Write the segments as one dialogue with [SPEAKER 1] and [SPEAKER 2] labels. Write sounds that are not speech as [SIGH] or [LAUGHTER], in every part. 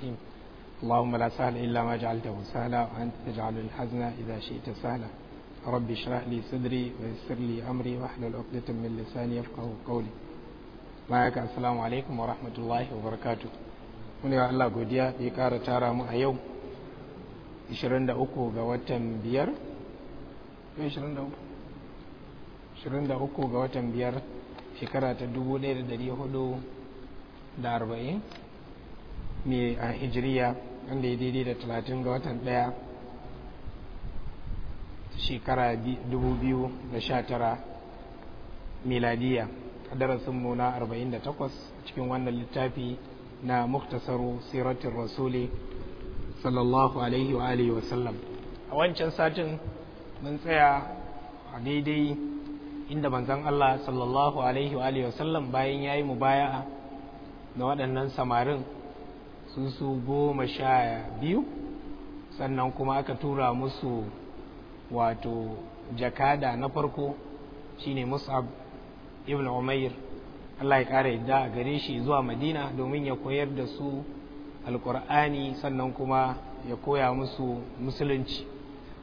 [SPEAKER 1] الرحيم اللهم لا سهل إلا ما جعلته سهلا وأنت تجعل الحزن إذا شئت سهلا رب اشرح لي صدري ويسر لي أمري واحلل عقدة من لساني يفقه قولي معك السلام عليكم ورحمة الله وبركاته muni wa Allah godiya da ya kara tara mu غواتا yau 23 ga watan biyar 23 ga watan biyar shekara ta dubu da da hudu arba'in ne a hijiriya wanda ya daidai da talatin ga watan daya shekara 2019 miladiya a darasinmu na 48 cikin wannan littafi na muktasaru siratin rasuli sallallahu alaihi wa alihi wasallam a wancan satin mun tsaya a daidai inda manzan Allah sallallahu alaihi wa alihi wasallam bayan ya yi mubaya'a na waɗannan samarin su su goma sha biyu sannan kuma aka tura musu wato jakada na farko shine mus'ab ibn umair Allah ya ƙara yadda a gare shi zuwa madina domin ya koyar da su alkur'ani sannan kuma ya koya musu musulunci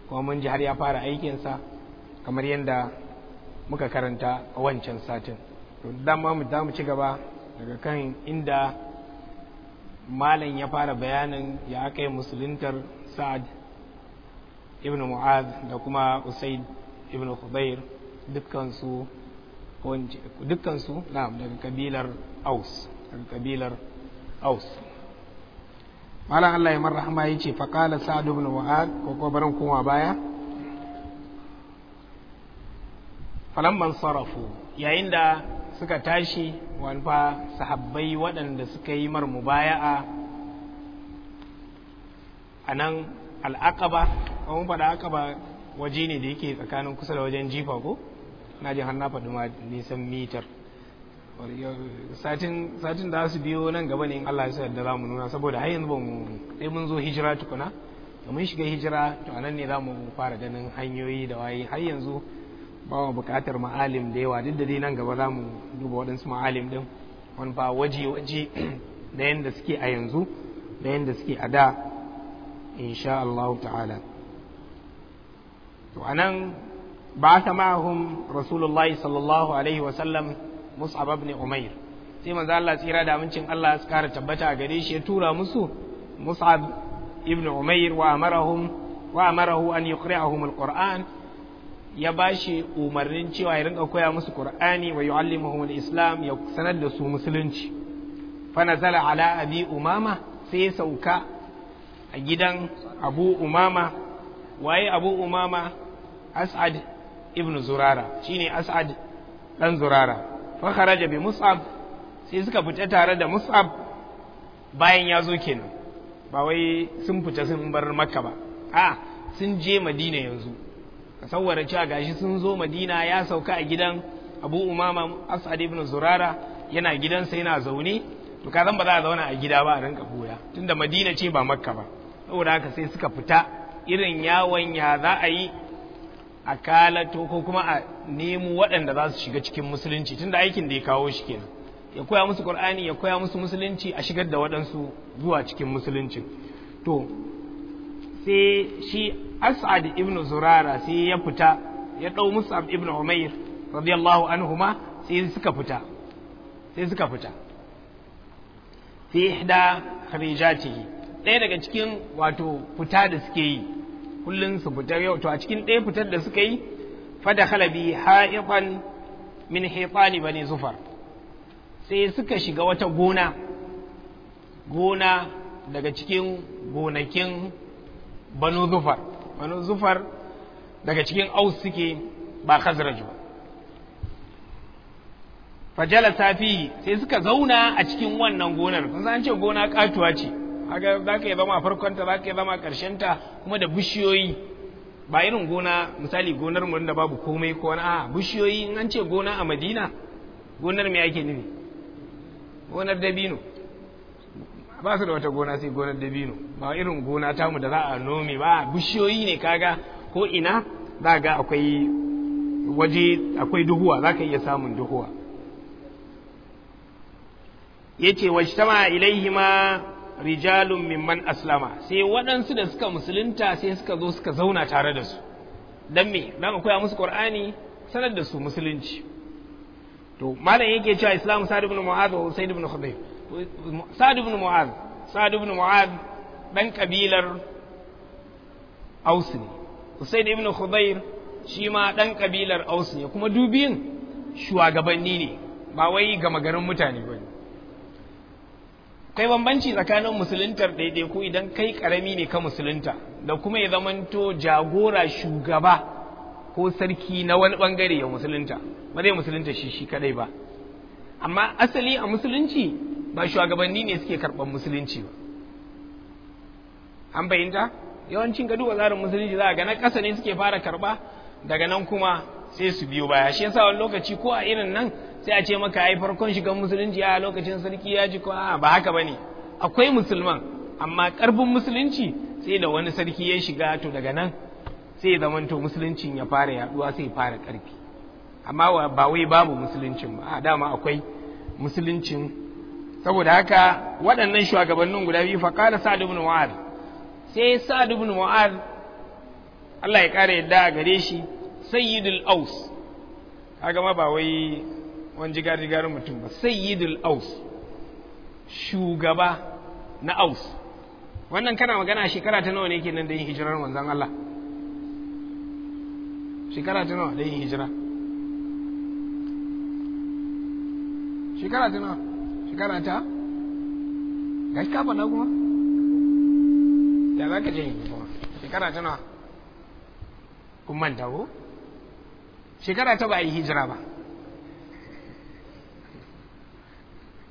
[SPEAKER 1] kuma mun ji har ya fara aikinsa kamar yadda muka karanta a wancan satin to dama mu ci gaba daga kan inda malam ya fara bayanin ya aka yi musuluntar sa'ad ibn mu'ad da kuma usaid ibn Khubair dukkansu dukkansu na daga kabilar aus daga kabilar aus malam Allah ya marrahama ya ce faƙala sa'ad ibn mu'ad ko kuma barin kuma baya falamman sarrafu yayin da suka tashi wanfa sahabbai waɗanda suka yi marmu baya a nan al'aqaba wani faɗa aqaba waje ne da yake tsakanin kusa da wajen jifa ko na ji na faɗi ma nisan mitar satin da su biyo nan gaba ne in Allah ya da za mu nuna saboda har yanzu ba mu ɗai mun zo hijira tukuna da mun shiga hijira to anan ne zamu fara ganin hanyoyi da waye har yanzu ba mu buƙatar ma'alim da yawa duk da dai nan gaba za mu duba waɗansu ma'alim ɗin wani ba waje-waje da yadda suke a yanzu da yadda suke a da insha Allah ta'ala to anan ba ta ma'ahum rasulullahi sallallahu alaihi wa sallam mus'ab ibn umair sai manzo Allah tsira da amincin Allah su kara tabbata a gare shi ya tura musu mus'ab ibn umair wa amarahum wa amarahu an yuqri'ahum alquran ya ba shi umarnin cewa ya rinka koya musu Qur'ani wa yu'allimuhum al-Islam ya sanar da su musulunci fa nazala ala abi umama sai ya sauka a gidan abu umama waye abu umama as'ad ibn zurara shine as'ad dan zurara fa kharaja bi mus'ab sai suka fita tare da mus'ab bayan ya zo kenan ba wai sun fita sun bar makka ba a sun je madina yanzu ka sawara cewa gashi sun zo madina ya sauka a gidan abu umama as'ad ibn zurara yana gidansa yana zaune to ka zan ba za a zauna a gida ba a rinka boya tunda madina ce ba makka ba saboda haka sai suka fita irin yawon ya za a yi a kalato ko kuma a nemo waɗanda za su shiga cikin musulunci tunda aikin da ya kawo shi kenan ya koya musu qur'ani ya koya musu musulunci a shigar da waɗansu zuwa cikin musulunci to sai shi as'ad ibn zurara sai ya fita ya ɗau mus'ab ibn umair radiyallahu anhuma sai suka fita sai suka fita fi ihda kharijatihi ɗaya daga cikin wato fita da suke yi kullun su fita yau a cikin ɗaya fitar da suka yi fada khalabi haifan min haifani bani zufar sai suka shiga wata gona gona daga cikin gonakin banu zufar banu zufar daga cikin aus suke ba khazraj ba fajala safi sai suka zauna a cikin wannan gonar kun san ce gona katuwa ce haka za yi zama a farkonta za ka yi zama a ta kuma da bishiyoyi ba irin gona misali gonar mu da babu komai ko wani a bishiyoyi in an ce gona a madina gonar me yake nufi gonar dabino ba su da wata gona sai gonar dabino ba irin gona tamu da za a nome ba bishiyoyi ne kaga ko ina za ga akwai waje akwai duhuwa za ka iya samun duhuwa ya ce wa shitama ma rijalun mimman aslama sai waɗansu da suka musulunta sai suka zo suka zauna tare da su don me don a koya musu ƙwar'ani sanar da su musulunci to malam yake cewa islam sa'ad ibn mu'adh wa usayd ibn khudayb sa'ad ibn mu'az sa'ad ibn mu'az dan kabilar aus ne ibn Khudayr shi ma dan kabilar aus ne kuma dubiyin shugabanni ne ba wai gama garin mutane ba kai bambanci tsakanin musuluntar ko idan kai ƙarami ne ka musulunta da kuma ya zamanto jagora shugaba ko sarki na wani bangare ya musulunta ba zai musulunta shi shi kaɗai ba amma asali a musulunci ba shugabanni ne suke karɓar musulunci ba an bayyanta yawancin gado tsarin musulunci za a ga na ƙasa ne suke fara karɓa daga nan kuma sai su biyo baya shi yasa wani lokaci ko a irin nan sai a ce maka ai farkon shigan musulunci a lokacin sarki ya ji ko a ba haka ba ne akwai musulman amma ƙarfin musulunci sai da wani sarki ya shiga to daga nan sai ya to musuluncin ya fara yaduwa sai ya fara ƙarfi amma ba wai babu musuluncin ba a dama akwai musuluncin saboda haka waɗannan shugabannin guda biyu fa qala sa'd ibn mu'adh sai sa'd ibn mu'adh Allah ya kare yadda a gare shi sayyidul aus kaga ma ba wai wani jigar jigar mutum ba sayyidul aus shugaba na aus wannan kana magana shekara ta nawa ne kenan da yin hijirar manzon Allah shekara ta nawa da yin hijira shekara ta nawa karanta shi kafa na kuma da za ka je kuma shekara ta nawa kun manta ko shekara ta ba a yi hijira ba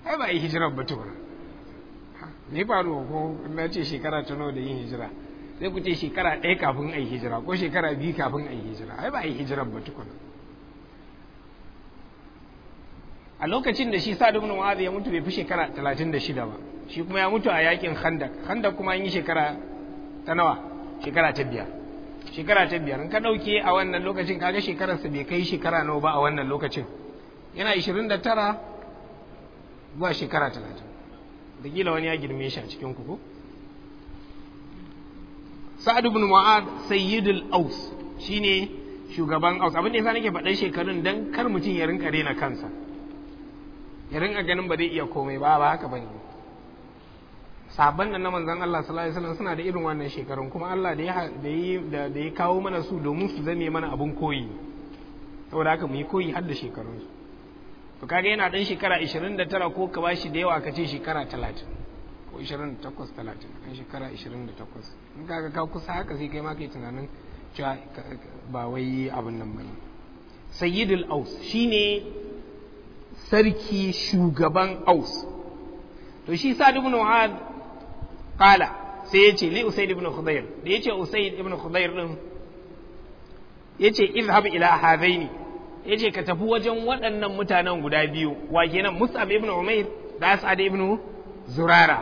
[SPEAKER 1] ai ba a yi hijira ba tukuna ne faru ko na ce shekara ta nawa da yin hijira sai ku ce shekara ɗaya kafin a yi hijira ko shekara biyu kafin a yi hijira ai ba a yi hijira ba tukuna a lokacin da shi sa'ad ibn mu'adh ya mutu bai fi shekara 36 ba shi kuma ya mutu a yakin khandak khandak kuma an yi shekara ta nawa shekara ta biyar shekara ta biyar in ka dauke a wannan lokacin kaga shekarar sa bai kai shekara nawa ba a wannan lokacin yana 29 zuwa shekara 30 da gila wani ya girme shi a cikin ku sa'ad ibn mu'adh sayyidul aus shine shugaban aus abin da yasa nake faɗan shekarun dan kar mutum ya rinka rena kansa ya a ganin ba zai iya komai ba ba haka bane sabon da na manzon Allah sallallahu alaihi wasallam suna da irin wannan shekarun kuma Allah da ya da ya kawo mana su domin su zame mana abun koyi saboda haka mu yi koyi har da shekarun su to kaga yana dan shekara 29 ko ka bashi da yawa ka ce shekara 30 ko 28 30 kan shekara 28 in kaga ka kusa haka sai kai ma kai tunanin cewa ba wai abun nan bane sayyidul aus shine sarki shugaban aus to shi sa'ad ibn mu'ad qala sai ya ce li usaid ibn khudayr da ya ce usaid ibn khudayr din ya ce izhab ila hadaini ya ce ka tafi wajen waɗannan mutanen guda biyu wa kenan mus'ab ibn umayr da as'ad ibn zurara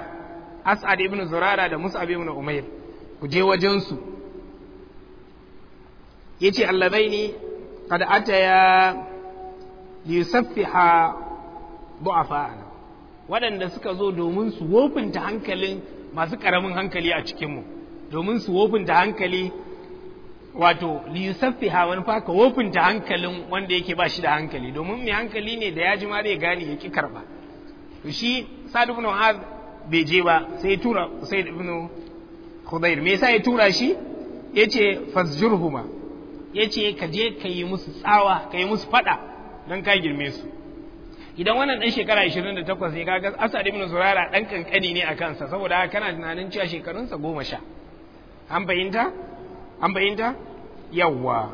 [SPEAKER 1] as'ad ibn zurara da mus'ab ibn umayr ku je wajen su ya ce allazaini qad ataya lisaffiha du'afa'ana waɗanda suka zo domin su wofinta hankalin masu ƙaramin hankali a cikinmu domin su wofinta hankali wato lisaffi ha wani faka wofinta hankalin wanda yake ba shi da hankali domin mai hankali ne da ya ji ma zai gane ya ƙi karɓa to shi sa'ad ibn mu'az bai je ba sai tura usaid ibn khudair me yasa ya tura shi yace fasjurhuma yace ka je ka yi musu tsawa ka yi musu fada don ka girme su idan wannan dan shekara 28 ne kaga Asad ibn Zurara dan kankani ne a kansa saboda haka kana tunanin cewa shekarunsa goma sha an bayinta an bayinta yawa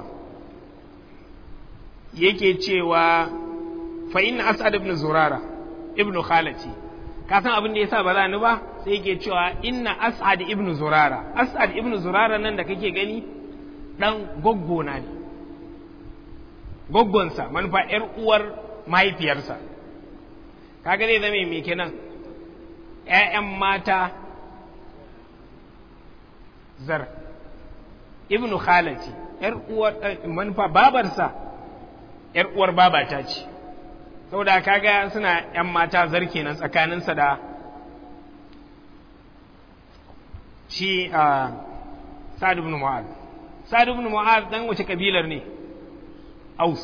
[SPEAKER 1] yake cewa fa inna Asad ibn Zurara ibn Khalati ka san abin da yasa ba za ni ba sai yake cewa inna Asad ibn Zurara Asad ibn Zurara nan da kake gani dan goggona ne goggonsa manufa ‘yar uwar mahaifiyarsa kaga zai zama mai kenan ‘ya'yan mata zar ibnu khalati ‘yar uwar eh, manufa babarsa ‘yar uwar babata ce saboda kaga suna ‘yan mata zar kenan tsakaninsa da shi ah, sa'ad ibn mu'ad sa'ad ibn mu'ad dan wace kabilar ne aus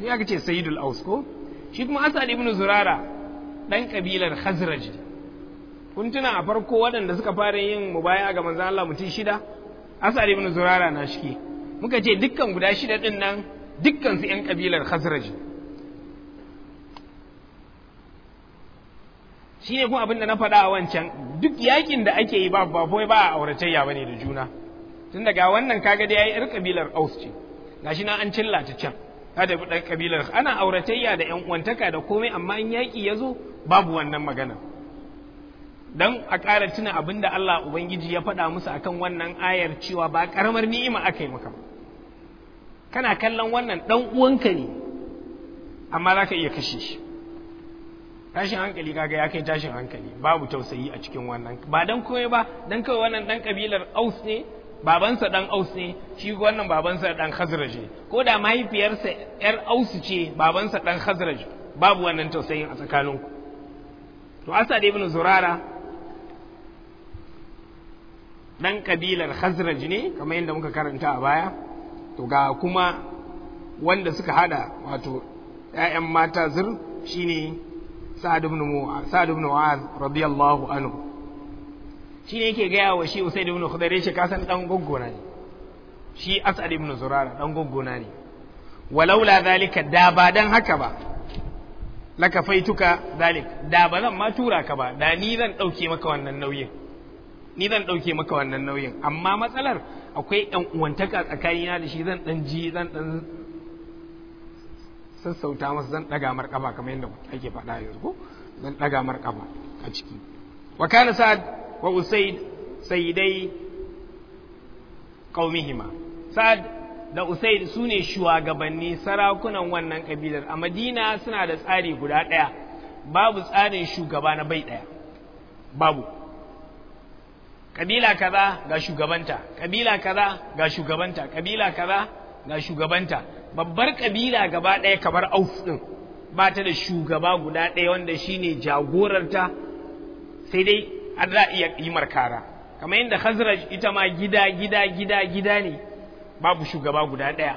[SPEAKER 1] ne aka ce sayyidul aus ko shi kuma asad ibn zurara dan kabilar khazraj kun tuna a farko waɗanda suka fara yin mubaya ga manzon Allah mutum shida asad ibn zurara na shike muka ce dukkan guda shida din nan dukkan su yan kabilar khazraj shine kuma abin da na faɗa a wancan duk yakin da ake yi ba ba ba a auratayya bane da juna tun daga wannan kaga dai yayi yar kabilar aus ce gashi na an cillata can ta tafi ɗan kabilar ana auratayya da ƴan uwantaka da komai amma in yaƙi ya zo babu wannan magana dan a ƙara tuna abinda Allah Ubangiji ya faɗa musu akan wannan ayar cewa ba ƙaramar ni'ima aka yi maka kana kallon wannan ɗan uwanka ne amma za ka iya kashe shi tashin hankali kaga ya kai tashin hankali babu tausayi a cikin wannan ba dan komai ba dan kawai wannan ɗan kabilar aus ne babansa ɗan aus ne shi wannan babansa ɗan khazraj ko da mahaifiyarsa yar aus ce babansa ɗan khazraj babu wannan tausayin a tsakaninku to da ibn zurara Ɗan ƙabilar khazraj ne kamar yadda muka karanta a baya to ga kuma wanda suka hada wato ‘ya'yan mata zir shine sa'ad ibn mu'az radiyallahu anhu shi ne yake gaya wa shi usaid ibn khudair shi ka san dan goggona ne shi as'ad ibn zurara dan goggona ne walaula zalika da ba dan haka ba laka faituka zalik da ba zan ma tura ka ba da ni zan dauke maka wannan nauyin ni zan dauke maka wannan nauyin amma matsalar akwai ɗan uwantaka tsakanina da shi zan ɗan ji zan ɗan sassauta masa zan ɗaga mar kamar yadda ake faɗa yanzu ko zan ɗaga mar a ciki wa kana sa'ad wa usaid sayidai qaumihima sa'ad da usaid sune shugabanni sarakunan wannan kabilar a madina suna da tsari guda daya babu tsarin shugaba na bai daya babu kabila kaza ga shugabanta kabila kaza ga shugabanta kabila kaza ga shugabanta babbar kabila gaba ɗaya kamar auf ɗin ba ta da shugaba guda ɗaya wanda shine jagorarta sai dai har za iya ƙimar kara kamar yadda khazraj ita ma gida gida gida gida ne babu shugaba guda ɗaya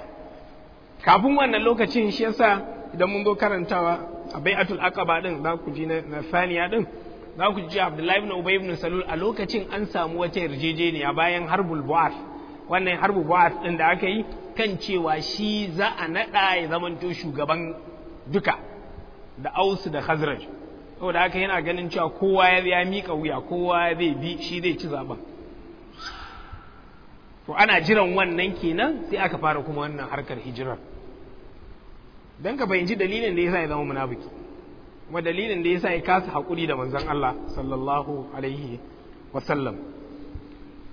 [SPEAKER 1] kafin wannan lokacin shi yasa idan mun zo karantawa a bai'atul aqaba din za ku ji na saniya din za ku ji abdullahi ibn ubay ibn salul a lokacin an samu wata yarjejeniya bayan harbul bu'ar wannan harbul bu'ar din da aka yi kan cewa shi za a naɗa ya zamanto shugaban duka da ausu da khazraj saboda haka yana ganin cewa kowa ya miƙa wuya kowa zai bi shi zai ci zaɓen. to ana jiran wannan kenan sai aka fara kuma wannan harkar hijirar don ka bayanci dalilin da yasa ya zama munafiki kuma dalilin da yasa ya kasa haƙuri da manzon Allah sallallahu alaihi wasallam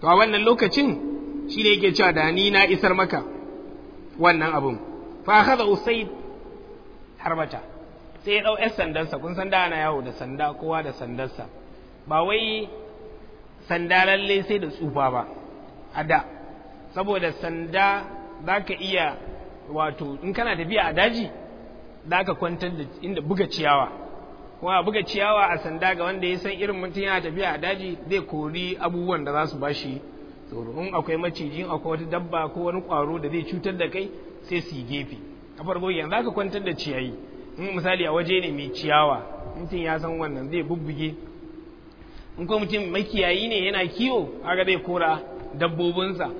[SPEAKER 1] to a wannan lokacin shi ne yake cewa da ni na isar maka wannan abun fa akhadha usayd harbata sai ya ɗau 'yan sandarsa kun san da ana yawo da sanda kowa da sandarsa ba wai sanda lalle sai da tsufa ba a da saboda sanda za ka iya wato in kana tafiya a daji za ka kwantar da inda buga ciyawa kuma buga ciyawa a sanda ga wanda ya san irin mutum yana tafiya a daji zai kori abubuwan da za su ba shi tsoro in akwai macijin akwai wata dabba ko wani kwaro da zai cutar da kai sai su yi gefe a farko yanzu za ka kwantar da ciyayi in misali a waje ne mai ciyawa mutum ya san wannan zai bubbuge in kuma mutum makiyayi ne yana kiwo haka zai kora dabbobinsa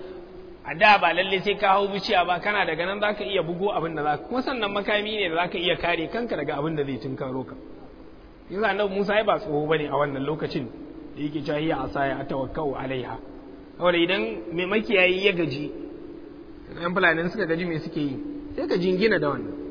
[SPEAKER 1] a da ba lalle sai ka hau bishiya ba kana daga nan zaka iya bugo abin da ka kuma sannan makami ne da zaka iya kare kanka daga abin da zai tunkaro ka Yanzu annabi Musa ya ba tsoho bane a wannan lokacin da yake cewa hiya asaya atawakkau alaiha saboda idan mai makiyayi ya gaji yan fulanin suka gaji me suke yi sai ka jingina da wannan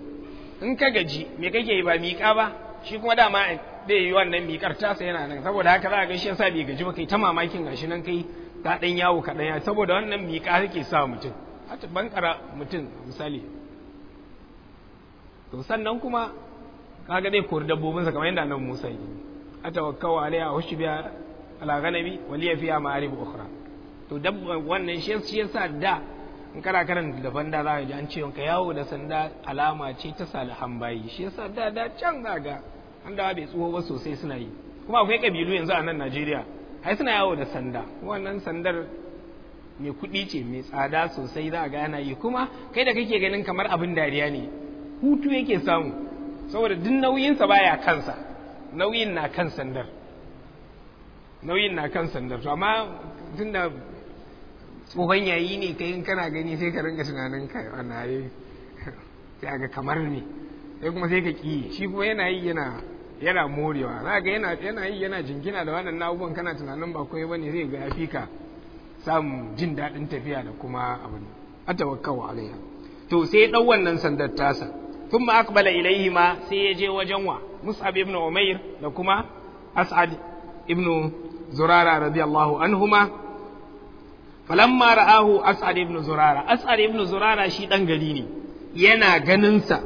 [SPEAKER 1] in ka gaji me kake yi ba miƙa ba shi kuma dama da yi wannan miƙar tasa yana nan saboda haka za a gaishe sa bai gaji ba kai ta mamakin gashi nan kai ta ɗan yawo ka ɗan yawo saboda wannan miƙa kake sa mutum hata bankara mutum misali to sannan kuma kaga dai kori sa kamar yadda nan Musa yi atawakkawa alaiha wa biya ala ghanami wa liya fiha ma'arib ukhra to dabba wannan shi yasa da in kana karan da banda za a ji an ce ka yawo da sanda alama ce ta salihan bayi shi yasa da da can za ga an da bai tsoho ba sosai suna yi kuma akwai kabilu yanzu a nan Najeriya ai suna yawo da sanda wannan sandar mai kuɗi ce mai tsada sosai za a ga yana yi kuma kai da kake ganin kamar abin dariya ne hutu yake samu saboda duk nauyinsa baya kansa nauyin na kan sandar nauyin na kan sandar to amma tunda tsohon yayi ne ka kana gani sai ka ringa tunanin kai wannan yayi sai ga kamar ne sai kuma sai ka ki shi kuma yana yi yana morewa za ga yana yana yi yana jingina da wannan abubuwan kana tunanin ba komai bane zai ga yafi ka samun jin daɗin tafiya da kuma abin atawakkau alayya to sai dau wannan sandar tasa thumma aqbala ilayhi ma sai ya je wajen wa mus'ab ibn umair da kuma as'ad ibn zurara radiyallahu anhuma falamma ra'ahu as'ad ibn zurara as'ad ibn zurara shi dan gari ne yana ganin sa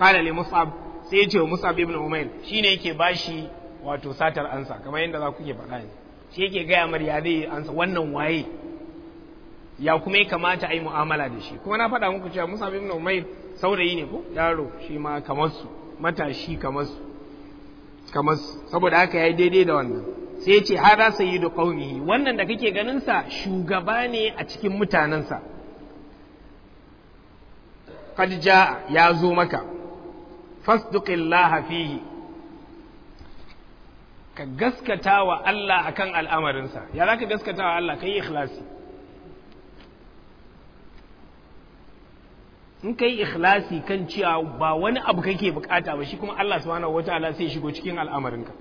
[SPEAKER 1] qala li mus'ab sai ya ce wa mus'ab ibn umayl shine yake bashi wato satar ansa kamar yadda za ku ke faɗa ne shi yake gaya mar ya zai ansa wannan waye ya kuma ya kamata a yi mu'amala da shi kuma na faɗa muku cewa mus'ab ibn umayl saurayi ne ko yaro shi ma kamar su matashi kamar su kamar saboda haka yayi daidai da wannan sai ce hada sayyidu qaumihi wannan da kake ganin sa shugaba ne a cikin mutanensa. qad ya zo maka fasduqillaha fihi ka gaskata wa Allah akan al'amarinsa ya za ka gaskata wa Allah ka yi ikhlasi in ka yi ikhlasi kan cewa ba wani abu kake bukata ba shi kuma Allah subhanahu wataala sai shigo cikin al'amarinka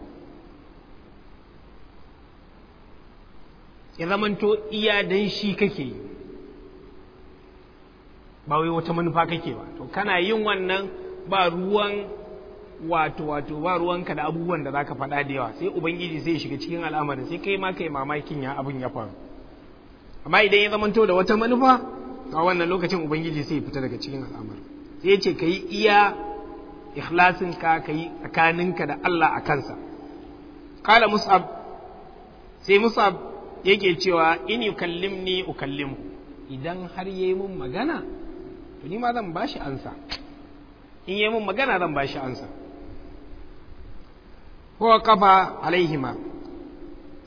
[SPEAKER 1] ya zamanto iya dan shi kake yi ba wai wata manufa kake ba to kana yin wannan ba ruwan wato wato ba ruwanka da abubuwan da za ka faɗa da yawa sai ubangiji zai shiga cikin al'amarin sai kai ma kai mamakin ya abin ya faru amma idan ya zamanto da wata manufa a wannan lokacin ubangiji sai fita daga cikin al'amarin sai ce ka yi iya ikhlasinka ka ka yi tsakaninka da Allah a kansa qala mus'ab sai mus'ab yake cewa in yukallimni ukallimu idan har yayi mun magana to ni ma zan ba shi ansa in yayi mun magana zan ba shi ansa ko kafa alaihima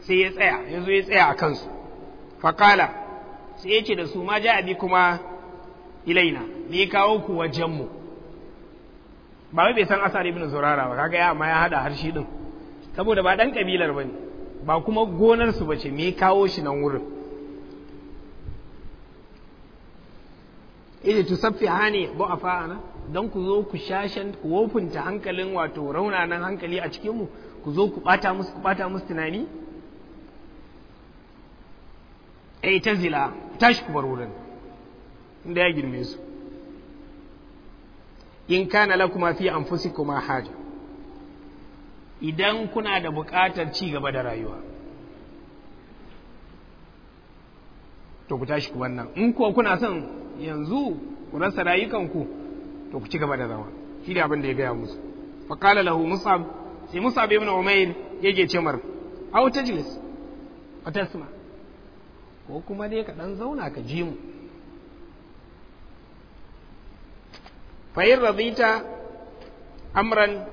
[SPEAKER 1] sai ya tsaya yazo ya tsaya a kansu faqala sai ce da su ma ja abi kuma ilaina ni kawo ku wajen mu ba wai bai san asar ibn zurara ba kaga ya amma ya hada harshe din saboda ba dan kabilar bane ba kuma gonarsu ba ce me kawo shi nan wurin ili tu saffi hane ba a fa'ana don ku zo ku shashen ku wofinta hankalin wato raunanan hankali a cikinmu ku zo ku ɓata musu ku bata musu tunani ai e, ta zila tashi ku bar wurin inda ya girme su in kana lakuma fi anfusikuma haja idan kuna da buƙatar ci gaba da rayuwa to ku tashi ku wannan in ko kuna son yanzu ku rasa rayukanku to ku ci gaba da zama shi da abin da ya gaya musu faqala lahu musab sai musab ibn umayr yake ce mar au tajlis a tasma ko kuma dai ka dan zauna ka ji mu fa in radita amran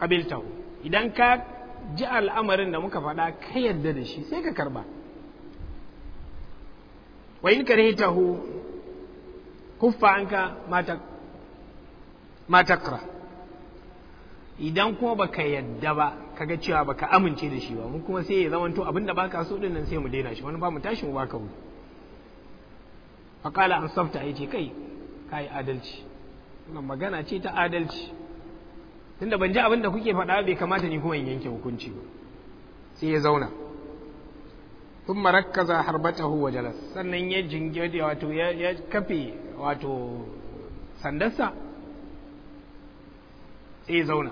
[SPEAKER 1] abiltahu idan ka ji al'amarin da muka faɗa ka yadda da shi sai ka karba wa in karihtahu kuffa anka ka matakra idan kuma baka yadda ba ga cewa baka amince da shi ba mu kuma sai ya zamanto abinda baka so din nan sai mu daina shi wani ba mu tashi mu baka mu an safta yace kai kai adalci wannan magana ce ta adalci tunda ban ji abin da kuke faɗa bai kamata ni kuma in yanke hukunci ba sai ya zauna sun a harbata huwa jalas sannan ya jingiri wato ya kafe wato sandarsa sai ya zauna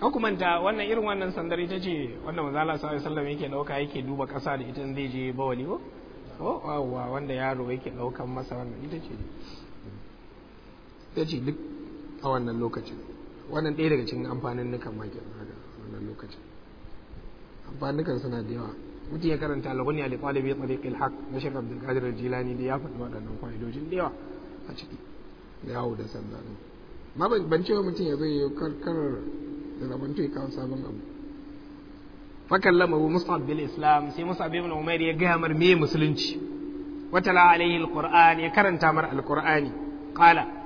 [SPEAKER 1] hukumanta wannan irin wannan sandar ita ce wanda mazala sa'ayi sallama yake dauka yake duba kasa da ita zai je bawali ko ko wa wanda yaro yake daukan masa wannan ita ce ita ce duk a wannan lokacin wannan ɗaya daga cikin amfanin nukan ma kenan haka wannan lokacin amfanin suna da yawa mutum ya karanta al-ghuni li talibi tariq al na Sheikh Abdul Qadir jilani da ya faɗi waɗannan fa'idojin da yawa a ciki da yawo da sanda ne ma ban cewa mutum ya zai ya karkar da zaman to ya kawo sabon abu fa kallama Musa bil Islam sai Musa ibn Umair ya gaya mar me musulunci Wata tala alaihi ya karanta mar al-Qur'ani qala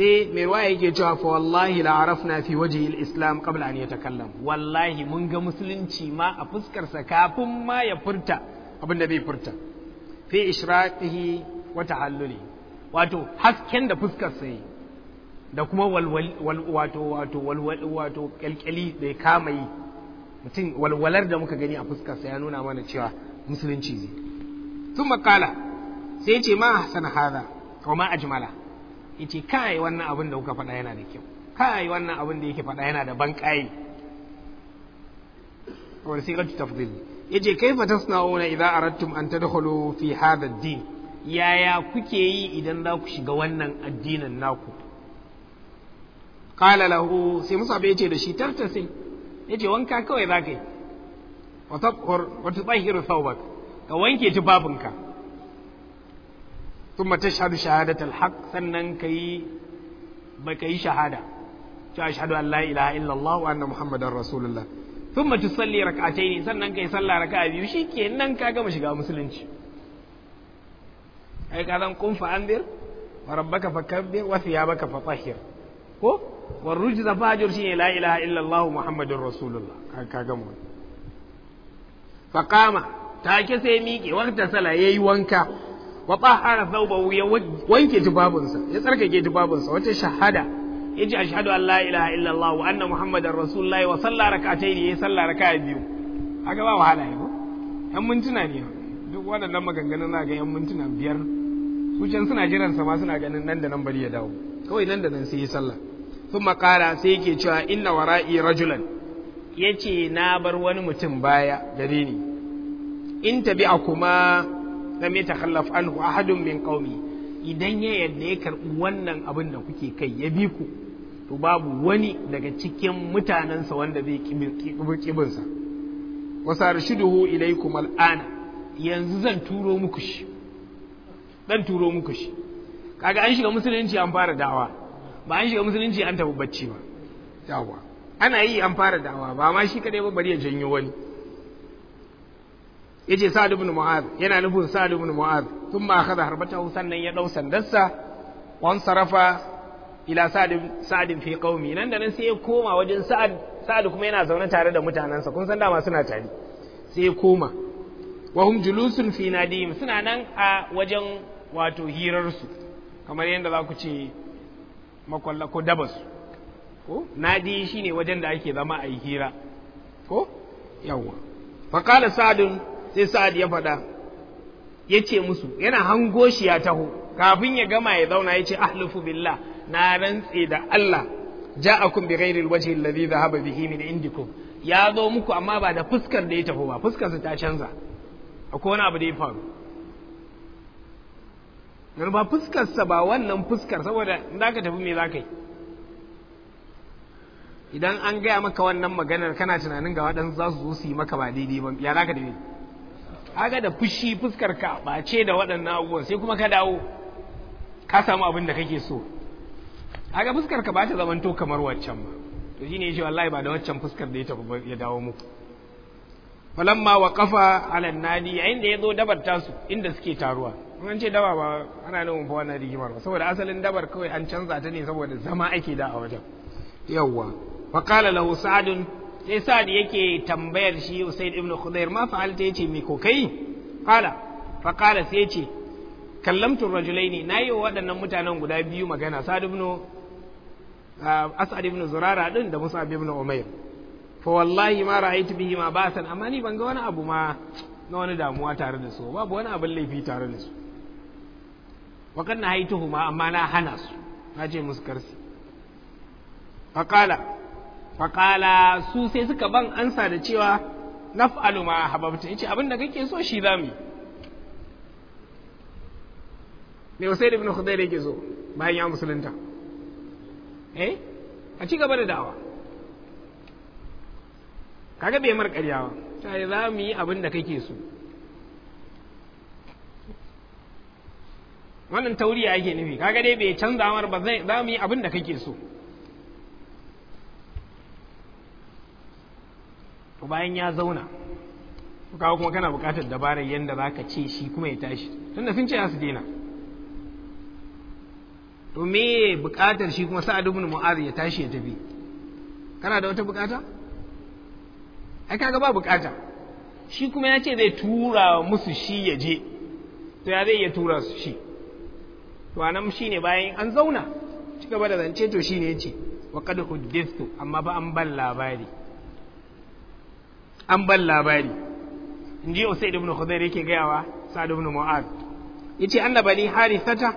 [SPEAKER 1] sai mai waya yake cewa fa wallahi la arafna fi wajhi al-islam qabla an yatakallam wallahi mun ga musulunci ma a fuskar sa kafin ma ya furta abin da bai furta fi ishraqihi wa tahalluli wato hasken da fuskar sa da kuma walwal wato wato walwal wato kalkali da ya kama yi mutum walwalar da muka gani a fuskar sa ya nuna mana cewa musulunci ne. thumma qala sai ce ma ahsana hadha wa ma ajmala yace kai wannan abin da kuka faɗa yana da kyau kai wannan abin da yake faɗa yana da ban kai wa sighatu tafdhil yace kaifa tasna'una idza aradtum an tadkhulu fi hadha ad-din yaya kuke yi idan za ku shiga wannan addinin naku qala lahu sai musa bai ce da shi tartasi yace wanka kawai za ka yi wa tabhur wa tutahhiru thawbak ka wanke tufafinka thumma tashhadu shahadatal haqq sannan kai ba kai shahada to ashhadu an la ilaha illallah wa anna muhammadar rasulullah thumma tusalli rak'atayn sannan kai sallah raka'a biyu shikenan ka gama shiga musulunci ai ka zan kun fa'andir wa rabbaka fakabbir wa thiyabaka ko wa rujza fajur shine la ilaha illallah muhammadur rasulullah ka take sai miƙe wata sala yi wanka wa tahara thawbahu ya wanke jibabinsa ya tsarkake jibabinsa wata shahada yaji ashhadu an la ilaha illallah wa anna muhammadar rasulullahi wa salla rak'atayn ya salla rak'a biyu haka ba wahala ya ko yan mintuna ne duk waɗannan maganganun na ga yan mintuna biyar su suna jiran ma suna ganin nan da nan bari ya dawo kawai nan da nan sai ya sallah sun makara sai yake cewa inna wara'i rajulan ce na bar wani mutum baya gare ni in a kuma lam yatakhallaf anhu ahadun min qaumi idan ya yadda ya karbi wannan abin da kuke kai ya bi ku to babu wani daga cikin mutanensa wanda zai kibinsa wasu arshiduhu ilaikum al'ana yanzu zan turo muku shi dan turo muku shi kaga an shiga musulunci an fara dawa ba an shiga musulunci an tafi ba yawa ana yi an fara dawa ba ma shi kadai ba bari ya janyo wani yace sa'ad ibn mu'adh yana nufin sa'ad ibn mu'adh thumma akhadha harbatahu sannan ya dau sandarsa wan sarafa ila sa'ad sa'ad fi qaumi nan da nan sai ya koma wajen sa'ad sa'ad kuma yana zaune tare da mutanansa kun san dama suna tare sai ya koma wa hum julusun fi nadim suna nan a wajen wato hirar su kamar yadda za ku ce makwalla ko dabas ko nadi shine wajen da ake zama a yi hira ko yawwa fa qala sa'adun sai sa'ad ya faɗa ya ce musu yana hango shi ya taho kafin ya gama ya zauna ya ce ahlufu billah na rantse da Allah ja'akum bi ghairi alwajhi alladhi dhahaba bihi min indikum ya zo muku amma ba da fuskar da ya taho ba fuskarsa ta canza akwai wani abu da ya faru dan ba fuskarsa ba wannan fuskar saboda in ka tafi me za ka yi idan an gaya maka wannan maganar kana tunanin ga waɗansu za su zo su yi maka ba daidai ba ya ka daidai kaga da fushi fuskar ka ba ce da waɗannan abubuwan sai kuma ka dawo ka samu abin da kake so kaga fuskar ka ba ta zamanto kamar waccan ba to shine yace wallahi ba da waccan fuskar da ya tafi ya dawo muku falamma wa qafa ala nadi yayin da yazo dabar tasu inda suke taruwa an ce daba ba ana nan ba wannan rigimar ba saboda asalin dabar kawai an canza ta ne saboda zama ake da a wajen yawwa fa qala lahu sa'dun sai sa'ad yake tambayar shi usaid ibn khudair ma fa'alta yace me ko kai qala fa qala sai yace kallamtu rajulaini nayi wa waɗannan mutanen guda biyu magana sa'ad ibn ah, as'ad ibn zurara din da musa ibn umair fa wallahi ma ra'aytu bihi ma ba'san amma ni ban ga wani abu ma na wani damuwa tare da su babu wani abin laifi tare da su wa kan haituhuma amma na hana su na ce musu karsi fa qala faƙala su sai suka ban ansa da cewa fa’alu ma hababta in abin da kake so shi za mu yi ne Usaid kudai da yake so bayan ya musulunta eh a ci gaba da dawa kaga bai mar ƙaryawa yi za mu yi abin da kake so wannan tauriya ake nufi kaga dai bai canza mar ba za mu yi abin da kake so to bayan ya zauna to kawo kuma kana buƙatar dabarar yadda za ka ce shi kuma ya tashi tun da fince ya su daina to me buƙatar shi kuma sa'ad ibn mu'az ya tashi ya tafi kana da wata buƙata ai kaga ba buƙata shi kuma ya ce zai tura musu shi ya je to ya zai iya tura su shi to anan shi ne bayan an zauna ci gaba da zance to shi shine ce wa qad amma ba an ban labari an ban labari in ji usaid ibn khudair yake gayawa sa'ad ibn mu'az yace anna bani harithata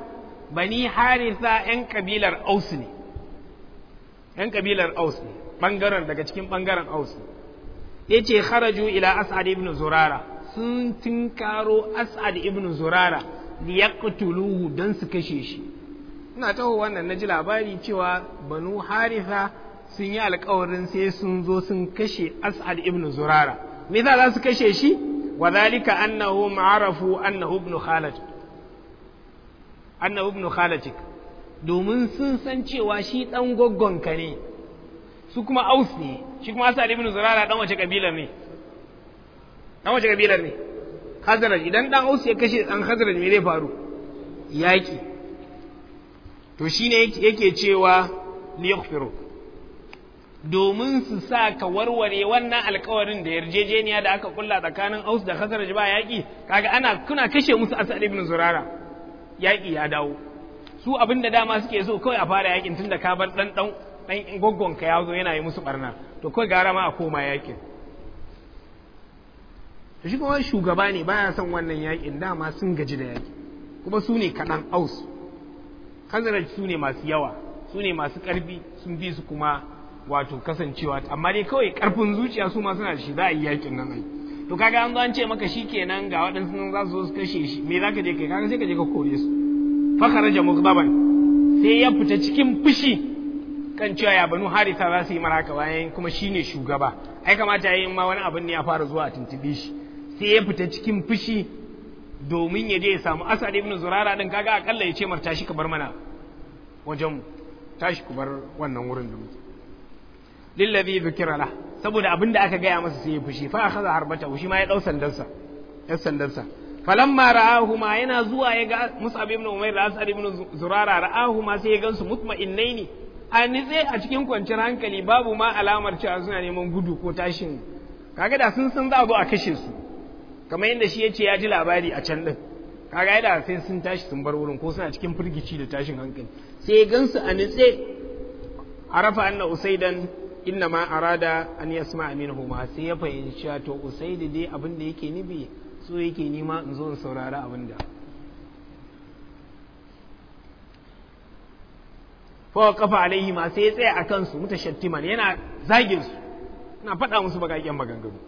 [SPEAKER 1] bani haritha yan kabilar aus ne yan kabilar aus ne bangaren daga cikin bangaren aus yace kharaju ila as'ad ibn zurara sun tinkaro as'ad ibn zurara liyaqtuluhu dan su kashe shi ina taho wannan naji labari cewa banu haritha sun yi alkawarin sai sun zo sun kashe as'ad ibn zurara me za za su kashe shi wa zalika annahum arafu annahu ibn khalid annahu ibn khalid domin sun san cewa shi dan goggonka ne su kuma aus ne shi kuma as'ad ibn zurara dan wace kabila ne dan wace kabila ne khazraj idan dan aus ya kashe dan khazraj me zai faru yaki to shine yake cewa liyaghfiru domin su sa ka warware wannan alkawarin da yarjejeniya da aka kulla tsakanin aus da khazraj ba yaƙi kaga ana kuna kashe musu asad ibn zurara yaƙi ya dawo su abin da dama suke so kawai a fara yaƙin tunda ka bar dan dan dan goggon ka ya zo yana yi musu barna to kawai gara ma a koma yaƙin shi kuma shugaba ne baya son wannan yaƙin dama sun gaji da yaƙi kuma su ne kaɗan aus khazraj su ne masu yawa su ne masu ƙarfi sun fi su kuma wato kasancewa amma dai kawai karfin zuciya su ma suna da shi za a yi yakin nan ai to kaga an zo an ce maka shikenan ga waɗansu nan za su zo su kashe shi me zaka je kai kaga sai ka je ka kore su fa kharaja mughdaban sai ya fita cikin fushi kan cewa ya banu harisa za su yi maraka bayan kuma shine shugaba ai kamata yayin ma wani abin ne ya fara zuwa tuntube shi sai ya fita cikin fushi domin ya je ya samu asad ibn zurara din kaga akalla ya ce martashi ka bar mana wajen tashi ku bar wannan wurin da muke Lillabi zukira la saboda abin da aka gaya masa sai ya fushi fa akhadha harbata shi ma ya dau sandansa ya sandansa
[SPEAKER 2] falamma ra'ahuma
[SPEAKER 1] yana zuwa ya ga Mus'ab ibn Umair da Asad ibn Zurara ra'ahuma sai ya gansu mutma'innaini a nitse a cikin kwanciyar hankali babu ma alamar cewa suna neman gudu ko tashin kaga da sun san za a zo a kashe su kamar yadda shi ya ce ya ji labari a can din kaga yadda sai sun tashi sun bar wurin ko suna cikin firgici da tashin hankali sai ya gansu a nitse arafa anna usaidan inna ma arada an yasma aminu ma sai ya fahimci to da dai abin da yake nufi so yake nima in zo in saurara abin da fa kafa alaihi ma sai ya tsaya a kansu mutashattiman yana zagin su na faɗa musu bakaƙen maganganu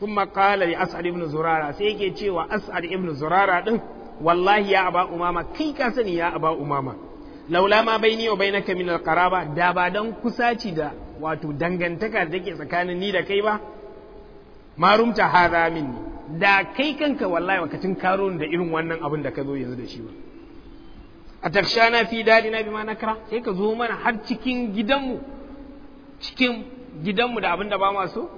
[SPEAKER 1] kuma maƙala li as'ad ibn zurara sai yake cewa as'ad ibn zurara din wallahi ya aba umama kai ka sani ya aba umama laula ma bai bai na kaminar kara ba, da ba dan ci da wato dangantaka da ke tsakanin ni da kai ba marumta min ne. da kai kanka wallahi wakacin karo da irin wannan abin da ka zo yanzu da shi ba a na fi daɗi na bima kara sai ka zo mana har cikin gidanmu cikin gidanmu da abin da ba ma so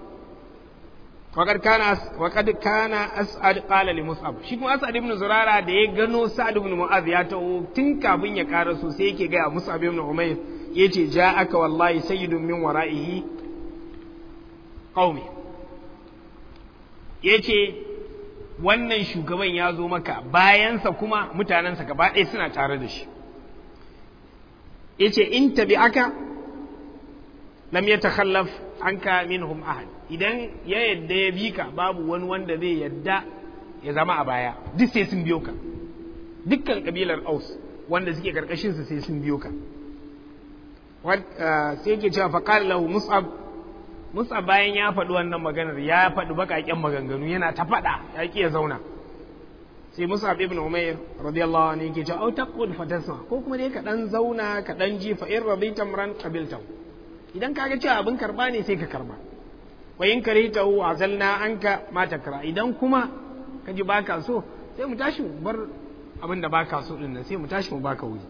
[SPEAKER 1] Waƙar Kana وقد كان اسعد قال shi kuma as'ad ibn zurara da ya gano sa'ad ibn mu'az ya taho tun kafin ya karaso sai yake ga mus'ab ya ce, ja aka wallahi sayyidun min wara'ihi Ya yace wannan shugaban ya zo maka bayansa kuma mutanensa gaba ɗaya suna tare da shi yace in aka lam yatakhallaf anka minhum ahad idan ya yadda ya bi ka babu wani wanda zai yadda ya zama a baya duk sai sun biyo ka dukkan kabilar aus wanda suke karkashin su sai sun biyo ka eh, sai ke cewa faƙar lahu mus'ab mus'ab bayan ya faɗi wannan maganar ya faɗi bakaƙen maganganu yana ta faɗa ya ki ya zauna sai mus'ab ibn umair radiyallahu anhu yake cewa au taqul fatasma ko kuma dai ka dan zauna ka dan ji fa in radita mran qabiltahu idan kaga cewa abin karba ne sai ka karba wa in karitahu azalna anka ma takra idan kuma kaji baka so sai mu tashi mu bar abin da baka so din nan sai mu tashi mu baka wuri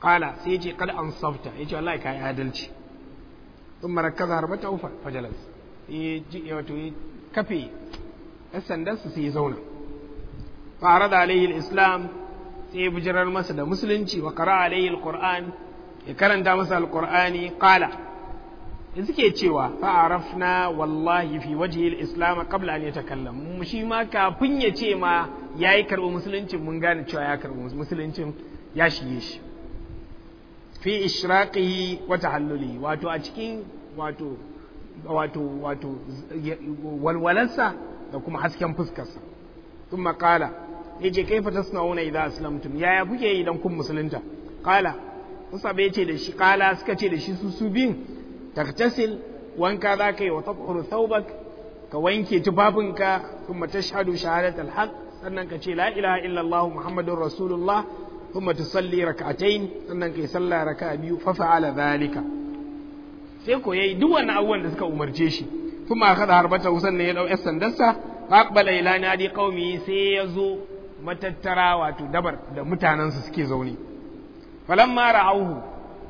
[SPEAKER 1] qala sai yace qad ansafta yace wallahi kai adalci thumma rakkaza harbata ufa fajalas yace wato kafe sandan su sai zauna fa arada alaihi alislam sai bujirar masa da musulunci wa qara alaihi alquran ya karanta masa alqurani qala In suke cewa fa'arafna wallahi fi wajhi al-islam qabla an yatakallam shi ma kafin ya ce ma yayi karbi musulunci mun gane cewa ya karbi musulunci ya shige shi fi ishraqihi wa tahalluli wato a cikin wato wato wato walwalarsa da kuma hasken fuskarsa thumma qala yace kaifa tasnauna idza aslamtum yaya kuke yi idan kun musulunta kala musa bai ce da shi kala suka ce da shi su su biyun taghtasil wanka za ka yi wa tafhuru ka wanke tufafinka kuma tashhadu shahadatul haq sannan ka ce la ilaha illallah muhammadur rasulullah sannan kai sallah raka'a biyu fa fa'ala sai ko yayi duk wannan abubuwan da suka umarce shi kuma aka da harbata husan ne ya dau sandarsa faqbala ila nadi qaumi sai ya zo matattara wato dabar da mutanensu suke zaune falamma ra'auhu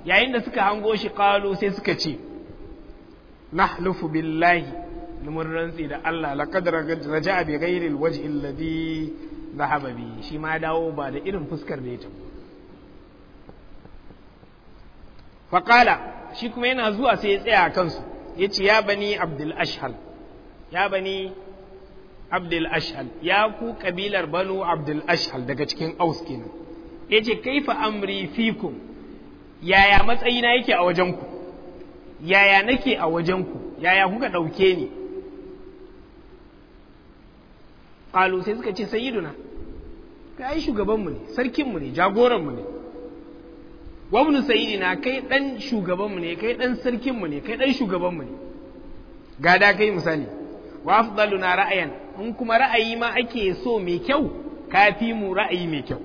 [SPEAKER 1] yayin da suka hango shi qalu sai suka ce nahlufu billahi mun rantsi da Allah laqad raja'a bi ghairi alwajhi alladhi dhahaba bi shi ma dawo ba da irin fuskar da ya tafi shi kuma yana zuwa sai ya tsaya a kansu yace ya bani abdul ashhal ya bani abdul ashhal ya ku kabilar banu abdul ashhal daga cikin aus kenan yace kaifa amri fikum yaya matsayina yake a wajen ku yaya nake a wajenku yaya kuka ɗauke ni ƙalu sai suka ce sayyiduna ka ai shugabanmu ne sarkinmu ne jagoranmu ne wabnu sayyidina kai ɗan shugabanmu ne kai ɗan sarkinmu ne kai ɗan shugabanmu ne gada kai misali wa afdaluna ra'ayan in kuma ra'ayi ma ake so mai kyau kafi mu ra'ayi mai kyau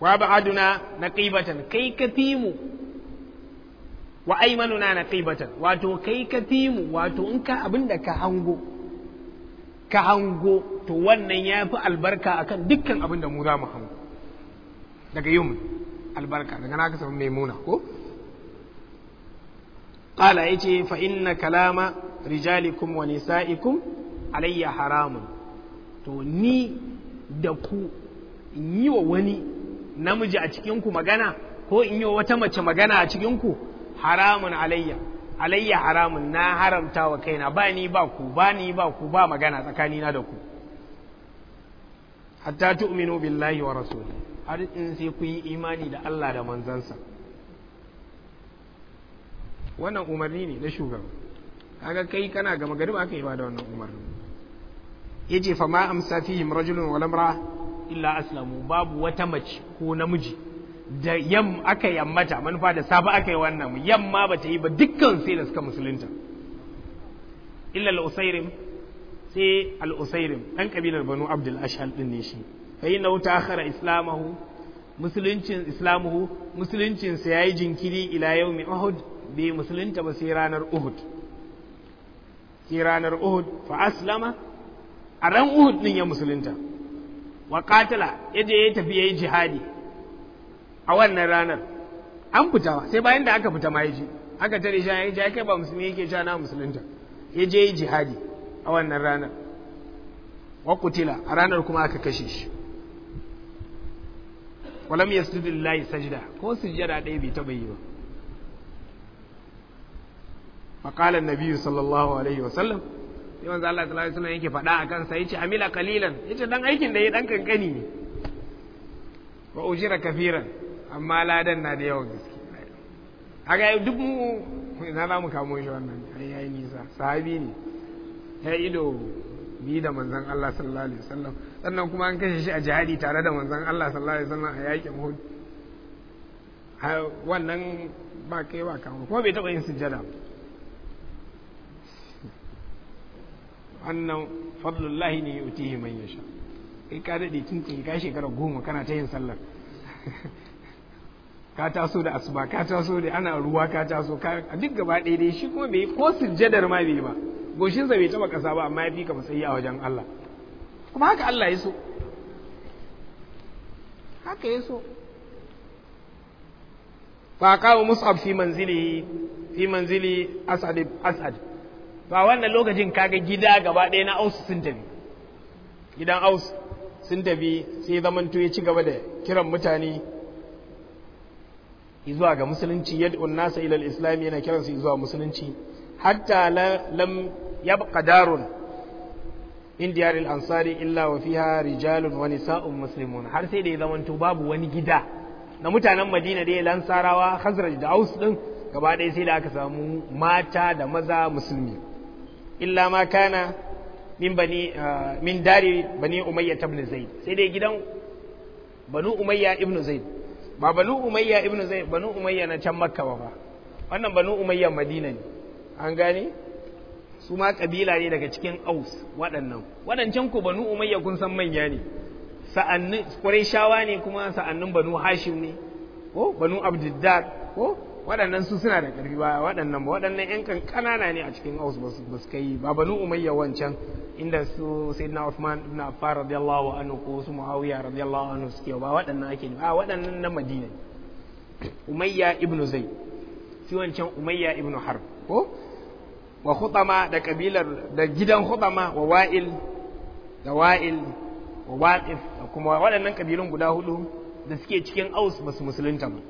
[SPEAKER 1] wa ba'aduna naqibatan kai kafi mu wa na naqibatan wato kai ka fi mu wato in ka abin da ka hango ka hango to wannan ya fi albarka akan dukkan abin da mu za mu hango daga yau albarka daga naka samu muna ko qala yace fa inna kalama rijalikum wa nisaikum alayya haramun to ni da ku in yi wa wani namiji a cikin ku magana ko in yi wa wata mace magana a cikin ku haramun alayya alayya haramun na haramta wa kaina ba ni ba ku ba ni ba ku ba magana tsakanina da ku hatta tu'minu billahi wa rasuli har in sai ku yi imani da Allah da manzansa wannan umarni ne na shugaba kaga kai kana ga magariba aka yi ba da wannan umarni yace fa ma amsa fihim rajulun wa lamra illa aslamu babu wata mace ko namiji da yam aka yammata manufa da safa aka yi wannan yamma ba ta yi ba dukkan sai da suka musulunta illa al-usairim sai al-usairim dan kabilar banu abdul ashal din ne shi fa inna ta'akhara islamahu musuluncin islamuhu musuluncin sa yayi jinkiri ila yawmi uhud bai musulunta ba sai ranar uhud sai ranar uhud fa aslama a ran uhud din ya musulunta wa qatala yaje ya tafi yayi jihadi a wannan ranar an fita sai bayan da aka fita ma yaji aka tare shi yaji kai ba musulmi yake ja na musulunta ya je yi jihadi a wannan ranar wa kutila a ranar kuma aka kashe shi walam yasjudu lillahi sajda ko sujjada dai bai taɓa yi ba faqala an-nabi sallallahu alaihi wa sallam sai manzo Allah sallallahu alaihi sallam yake faɗa akan sa yace amila qalilan yace dan aikin da ya dan kankani ne wa ujira kafiran amma ladan na da yawan gaske ga duk mu na za mu kamo shi wannan ai yayi nisa sahabi ne ya ido bi da manzon Allah sallallahu alaihi wasallam sannan kuma an kashe shi a jihadi tare da manzon Allah sallallahu alaihi wasallam a yakin Uhud wannan ba kai ba kamo kuma bai taba yin sujjada wannan fadlullahi ne yutihi man yasha kai ka dade tun ka shekara goma kana ta yin sallar ka taso da asuba ka taso da ana ruwa ka taso ka duk gaba ɗaya dai shi kuma bai ko sujjadar ma bai ba goshinsa bai taba kasa ba amma ya fi ka sai a wajen Allah kuma haka Allah ya so haka ya so fa kawo mus'ab fi manzili fi manzili asad asad ba wannan lokacin kaga gida gaba ɗaya na aus sun tafi gidan aus sun tafi sai zamanto ya ci gaba da kiran mutane zuwa ga musulunci yad'un nasa ila al-islam yana kiran su zuwa musulunci hatta lam yabqa darun in diyar al-ansari illa wa fiha rijalun wa nisa'un muslimun har sai da ya zamanto babu wani gida na mutanen Madina da lansarawa Khazraj da Aus din gaba ɗaya sai da aka samu mata da maza musulmi illa ma kana min bani ah, min dari bani umayya ibn zaid sai dai gidan banu umayya ibn zaid ba banu umayya ibnu zai banu umayya na can makka ba fa wannan banu umayya madina ne an gane su ma kabila ne daga cikin aus waɗannan waɗancan ku banu umayya kun san manya ne sa'annin shawa ne kuma sa'annin banu hashim ne ko banu abdiddar ko waɗannan su suna da ƙarfi ba waɗannan ba waɗannan yan ƙanana ne a cikin aus ba su kai ba banu umayya wancan inda su sayyidina Uthman ibn Affan radiyallahu anhu ko su Muawiya radiyallahu anhu suke ba waɗannan ake ne a waɗannan na Madina Umayya ibn Zayd shi wancan Umayya ibn Harb ko wa Khutama da kabilar da gidan Khutama wa Wa'il da Wa'il wa Waqif kuma waɗannan kabilun guda hudu da suke cikin Aus ba su musulunta ba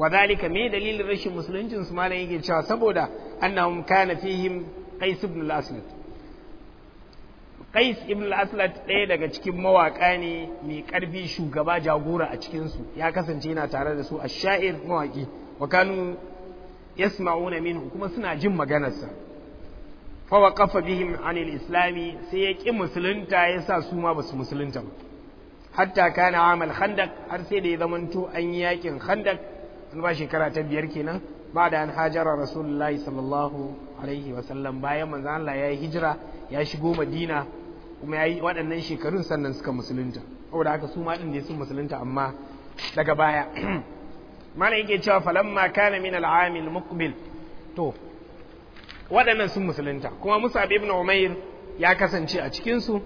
[SPEAKER 1] wa zalika me dalilin rashin musuluncin su yake cewa saboda annahum kana fihim qais ibn al qais ibn al ɗaya daga cikin mawaƙa ne mai ƙarfi shugaba jagora a cikin su ya kasance yana tare da su a shair mawaƙi wa kanu yasma'una minhu kuma suna jin maganarsa fa ƙafa bihim anil islami sai ya ƙi musulunta sa su ma basu musulunta ba hatta kana amal khandak har sai da ya zamanto an yi yakin khandak ba shekara ta biyar kenan ba da an hajara rasulullahi sallallahu alaihi wasallam bayan manzan Allah ya yi hijira ya shigo madina kuma ya yi waɗannan shekarun sannan suka musulunta saboda haka su ma ɗin da sun musulunta amma daga baya [CLEARS THROAT] mana yake cewa falamma kana min al'amil muqbil to waɗannan sun musulunta kuma musa ibn umair ya kasance a cikin su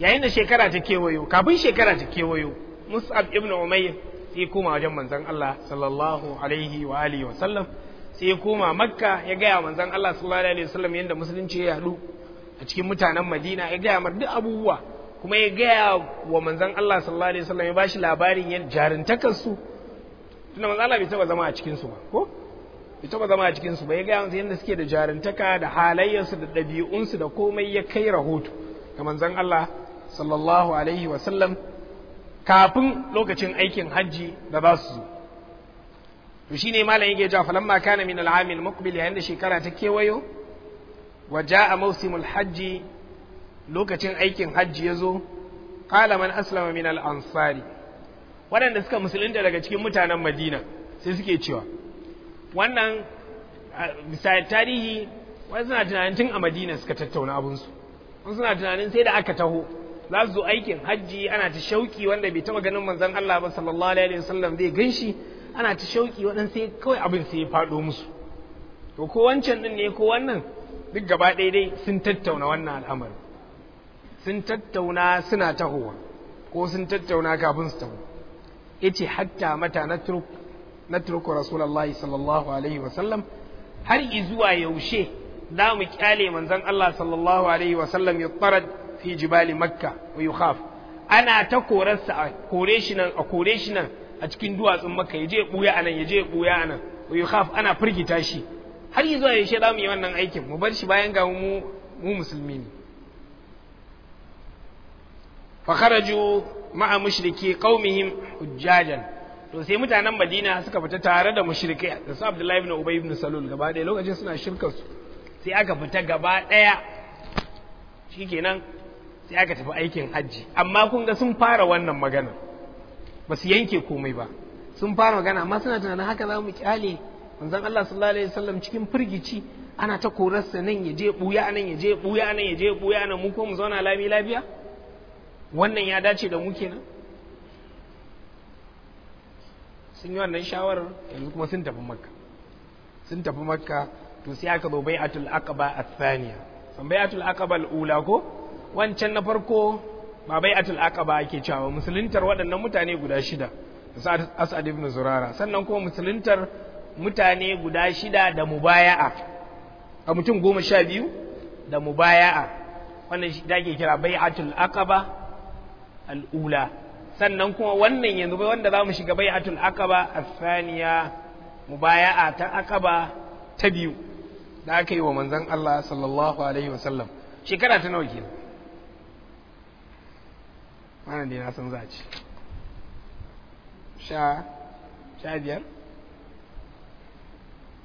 [SPEAKER 1] yayin da shekara ta kewayo kafin shekara ta kewayo musa ibn umair sai koma wajen manzon Allah sallallahu alaihi wa alihi wa sallam sai koma makka ya gaya manzon Allah sallallahu alaihi wa sallam yadda musulunci ya haɗu a cikin mutanen madina ya gaya mar duk abubuwa kuma ya gaya wa manzon Allah sallallahu alaihi wa sallam ya bashi labarin yadda jarintakarsu tunda manzon Allah bai taɓa zama a cikinsu ba ko bai taɓa zama a cikinsu ba ya gaya musu yadda suke da jarintaka da halayyarsu da ɗabi'unsu da komai ya kai rahoto ga manzon Allah sallallahu alaihi wa sallam kafin lokacin aikin hajji da za su zo to ne malam yake cewa falamma kana min al-ami al-muqbil yayin da shekara ta kewayo wa a mawsimul hajji lokacin aikin hajji ya zo man aslama min al-ansari waɗanda suka musulunta daga cikin mutanen Madina sai suke cewa wannan misayar tarihi wani suna tunanin tun a Madina suka tattauna abinsu wani suna tunanin sai da aka taho za su zo aikin hajji ana ta shauki wanda bai taba ganin manzon Allah ba sallallahu alaihi wasallam zai gan shi, ana ta shauki wadan sai kawai abin sai ya faɗo musu to ko wancan din ne ko wannan duk gaba ɗaya dai sun tattauna wannan al'amari sun tattauna suna tahowa ko sun tattauna kafin su taho yace hatta mata na turku rasulullahi sallallahu alaihi wasallam har izuwa yaushe za mu kyale manzon Allah sallallahu alaihi wasallam ya tsara fi jibali makka wa yukhaf ana ta korarsa a kore shi nan a kore shi nan a cikin duwatsun makka yaje buya anan yaje buya anan wa yukhaf ana firgita shi har yanzu ya yaushe za mu yi wannan aikin mu bar shi bayan ga mu mu musulmi ne fa kharaju ma'a mushriki qaumihim hujjajan to sai mutanen Madina suka fita tare da mushrikai da su Abdullahi ibn Ubay ibn Salul gaba ɗaya lokacin suna shirkar su sai aka fita gaba ɗaya shikenan sai aka tafi aikin hajji amma kun ga sun fara wannan magana ba su yanke komai ba sun fara magana amma suna tunanin haka za mu kyale manzon Allah sallallahu alaihi wasallam cikin firgici ana ta korarsa nan ya je buya nan ya je buya nan ya je buya nan mu ko mu zauna lami lafiya wannan ya dace da mu kenan sun yi wannan shawarar yanzu kuma sun tafi makka sun tafi makka to sai aka zo bai'atul aqaba athaniya san bai'atul aqaba al-ula ko wancan na farko ba bai atul aqaba ake cewa musuluntar waɗannan mutane guda shida as'ad ibn zurara sannan kuma musuluntar mutane guda shida da mubaya'a a mutum goma sha biyu da mubaya'a wannan shi da ke kira bai'atul aqaba al'ula sannan kuma wannan yanzu bai wanda za mu shiga bai'atul aqaba athaniya mubaya'a ta aqaba ta biyu da aka yi wa manzon Allah sallallahu alaihi wasallam shekara ta nawa kenan wannan dai na san za ci sha sha biyar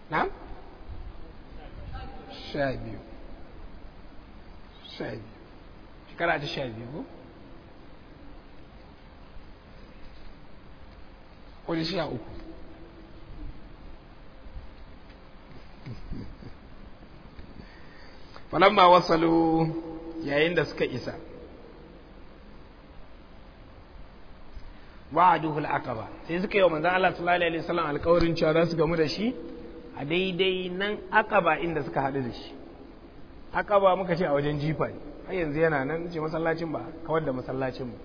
[SPEAKER 1] na sha biyu sha biyu shekara ta sha biyu ko wani sha uku [LAUGHS] falamma wasalu yayin da suka isa wa'aduhul aqaba sai suka yi wa manzon Allah sallallahu alaihi wasallam alƙawarin cewa za su gamu da shi a daidai nan aqaba inda suka haɗu da shi aqaba muka ce a wajen jifa ne har yanzu yana nan ce masallacin ba kawar da masallacin ba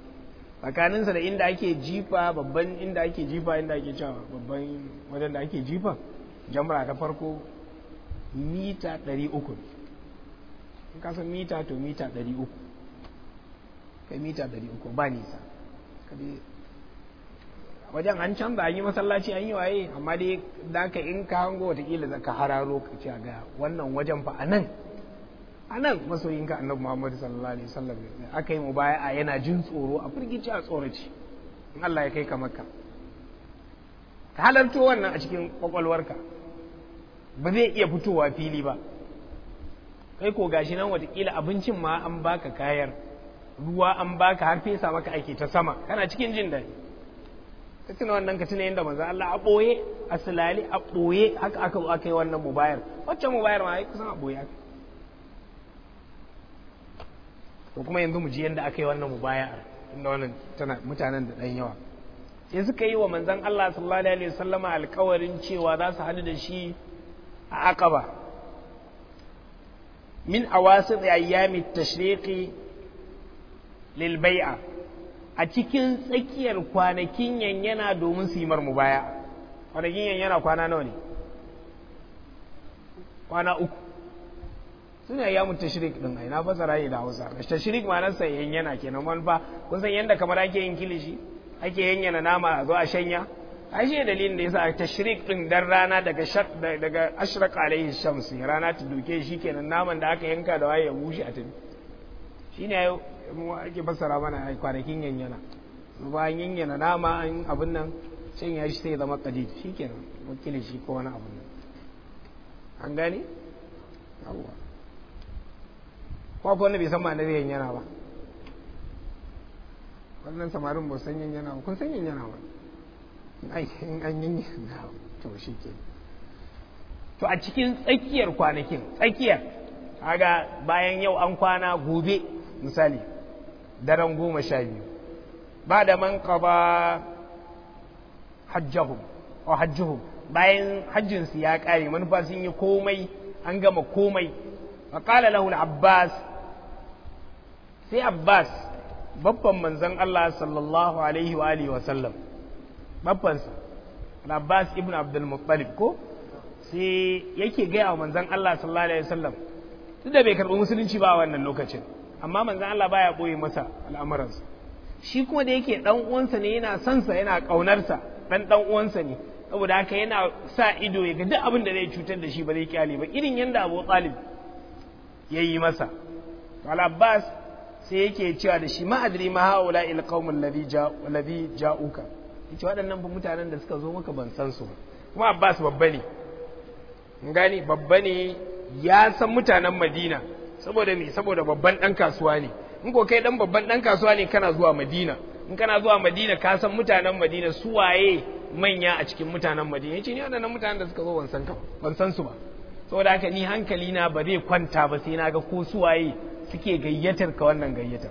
[SPEAKER 1] tsakaninsa da inda ake jifa babban inda ake jifa inda ake cewa babban wajen da ake jifa jamra ta farko mita 300 in ka san mita to mita 300 kai mita 300 ba nisa wajen an canza an yi masallaci an yi waye amma dai za ka in ka hango watakila za ka hararo ka ce ga wannan wajen fa anan anan masoyinka annabi muhammad sallallahu alaihi wasallam aka yi a yana jin tsoro a firgici a tsoraci in Allah ya kai ka makka ka halarto wannan a cikin kwakwalwarka ba zai iya fitowa fili ba kai ko gashi nan watakila abincin ma an baka kayar ruwa an baka har fesa maka ake ta sama kana cikin jin daɗi ka tuna wannan ka tuna yadda manzo Allah a boye a sulali a boye haka aka aka yi wannan mubayar wacce mubayar ma ai kusan a boye to kuma yanzu mu ji yadda aka yi wannan mubayar inda wannan tana mutanen da dan yawa sai suka yi wa manzon Allah sallallahu alaihi wasallama alƙawarin cewa za su hadu da shi a Aqaba min awasit ayyami tashriqi lil bai'a a cikin tsakiyar kwanakin yanyana domin su yi marmu baya kwanakin yanyana kwana nawa ne kwana uku suna ya mutu shirik din ai na fasara ne da Hausa ta shirik ma nan sai yanyana kenan man fa kun san yanda kamar ake yin kilishi ake yanyana nama a zo a shanya a shi dalilin da yasa tashrik din dan rana daga shaq daga ashraq alaihi shams rana ta duke shi kenan naman da aka yanka da waye ya bushe a tabi shine mu ake fassara mana kwanakin yanyana bayan yanyana nama an abin nan sai ya shi sai zama kadid shi kenan wakilin shi ko wani abin nan an gane yawwa ko wanda bai san ma'anar yanyana ba wannan samarin ba san yanyana ba kun san yanyana ba in an yanyana to shi kenan to a cikin tsakiyar kwanakin tsakiyar haga bayan yau an kwana gobe misali daren goma sha biyu ba da man qada hajjahum wa bayan hajjinsu ya kare manufa sun yi komai an gama komai a kala lahul abbas sai abbas babban manzan Allah sallallahu alaihi wa alihi wasallam babbansa babban abbas ibn abdul ko sai yake gaya wa manzan Allah sallallahu alaihi wasallam sallam duk da bai karɓi musulunci ba wannan lokacin amma manzan Allah baya boye masa al'amuransa shi kuma da yake dan uwansa ne yana son yana kaunarsa ɗan ɗan'uwansa uwansa ne saboda haka yana sa ido ya ga duk abin da zai cutar da shi ba zai kyale ba irin yanda Abu Talib yayi masa to al sai yake cewa da shi ma adri ma haula il qaumul ladhi ja ladhi ja'uka yace waɗannan ba mutanen da suka zo maka ban san su kuma Abbas babba ne gani babba ne ya san mutanen Madina saboda me saboda babban dan kasuwa ne in ko kai dan babban dan kasuwa ne kana zuwa madina in kana zuwa madina ka san mutanen madina su manya a cikin mutanen madina yace ni waɗannan mutanen da suka zo ban san su ba saboda haka ni hankali na ba zai kwanta ba sai na ga ko su waye suke gayyatar ka wannan gayyatar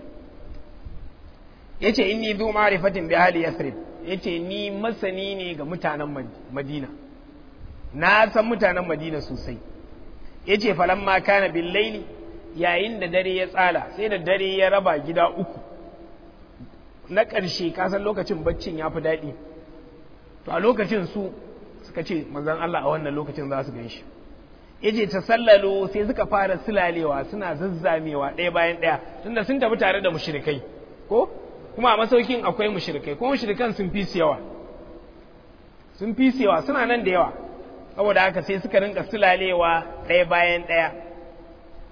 [SPEAKER 1] yace inni zu ma'rifatin bi ahli yathrib yace ni masani ne ga mutanen madina na san mutanen madina sosai yace falamma kana bil laili yayin da dare ya tsala sai da dare ya raba gida uku na ƙarshe kasan lokacin baccin ya fi daɗi to a lokacin su suka ce manzan Allah a wannan lokacin za su gan shi yace ta sallalo sai suka fara silalewa suna zazzamewa ɗaya bayan ɗaya tunda sun tafi tare da mushrikai ko kuma a masaukin akwai mushrikai ko mushrikan sun fi su yawa sun fi su yawa suna nan da yawa saboda haka sai suka rinka silalewa ɗaya bayan ɗaya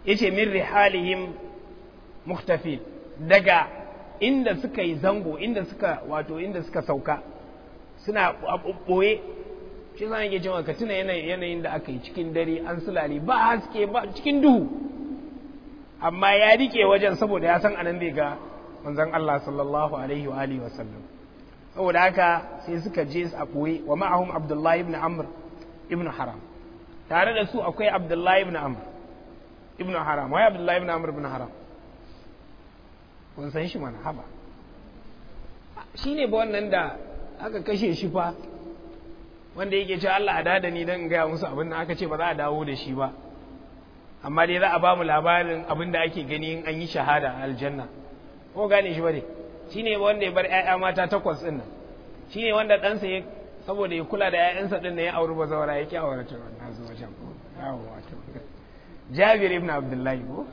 [SPEAKER 1] yace min rihalihim muhtafin daga inda suka yi zango inda suka wato inda suka sauka suna ɓoye shi zan yake cewa ka tuna yanayin da aka yi cikin dare an sulali ba haske ba cikin duhu amma ya rike wajen saboda ya san anan zai ga manzon Allah sallallahu alaihi wa alihi wasallam saboda haka sai suka je a ɓoye wa ma'ahum Abdullahi ibn Amr ibn Haram tare da su akwai Abdullahi ibn Amr ibn haram wai abdullahi ibn amr ibn haram kun san shi mana haba shi ne ba wannan da aka kashe shi fa wanda yake ce Allah a da ni don in gaya musu abin da aka ce ba za a dawo da shi ba amma dai za a ba mu labarin abin da ake gani in an yi shahada a aljanna ko gane shi ba dai shi ne wanda ya bar 'ya'ya mata takwas ɗin nan shi ne wanda ɗansa ya saboda ya kula da 'ya'yansa ɗin na ya auri ba bazawara ya ƙi auratar wannan zuwa can jabir ibn abdullahi ko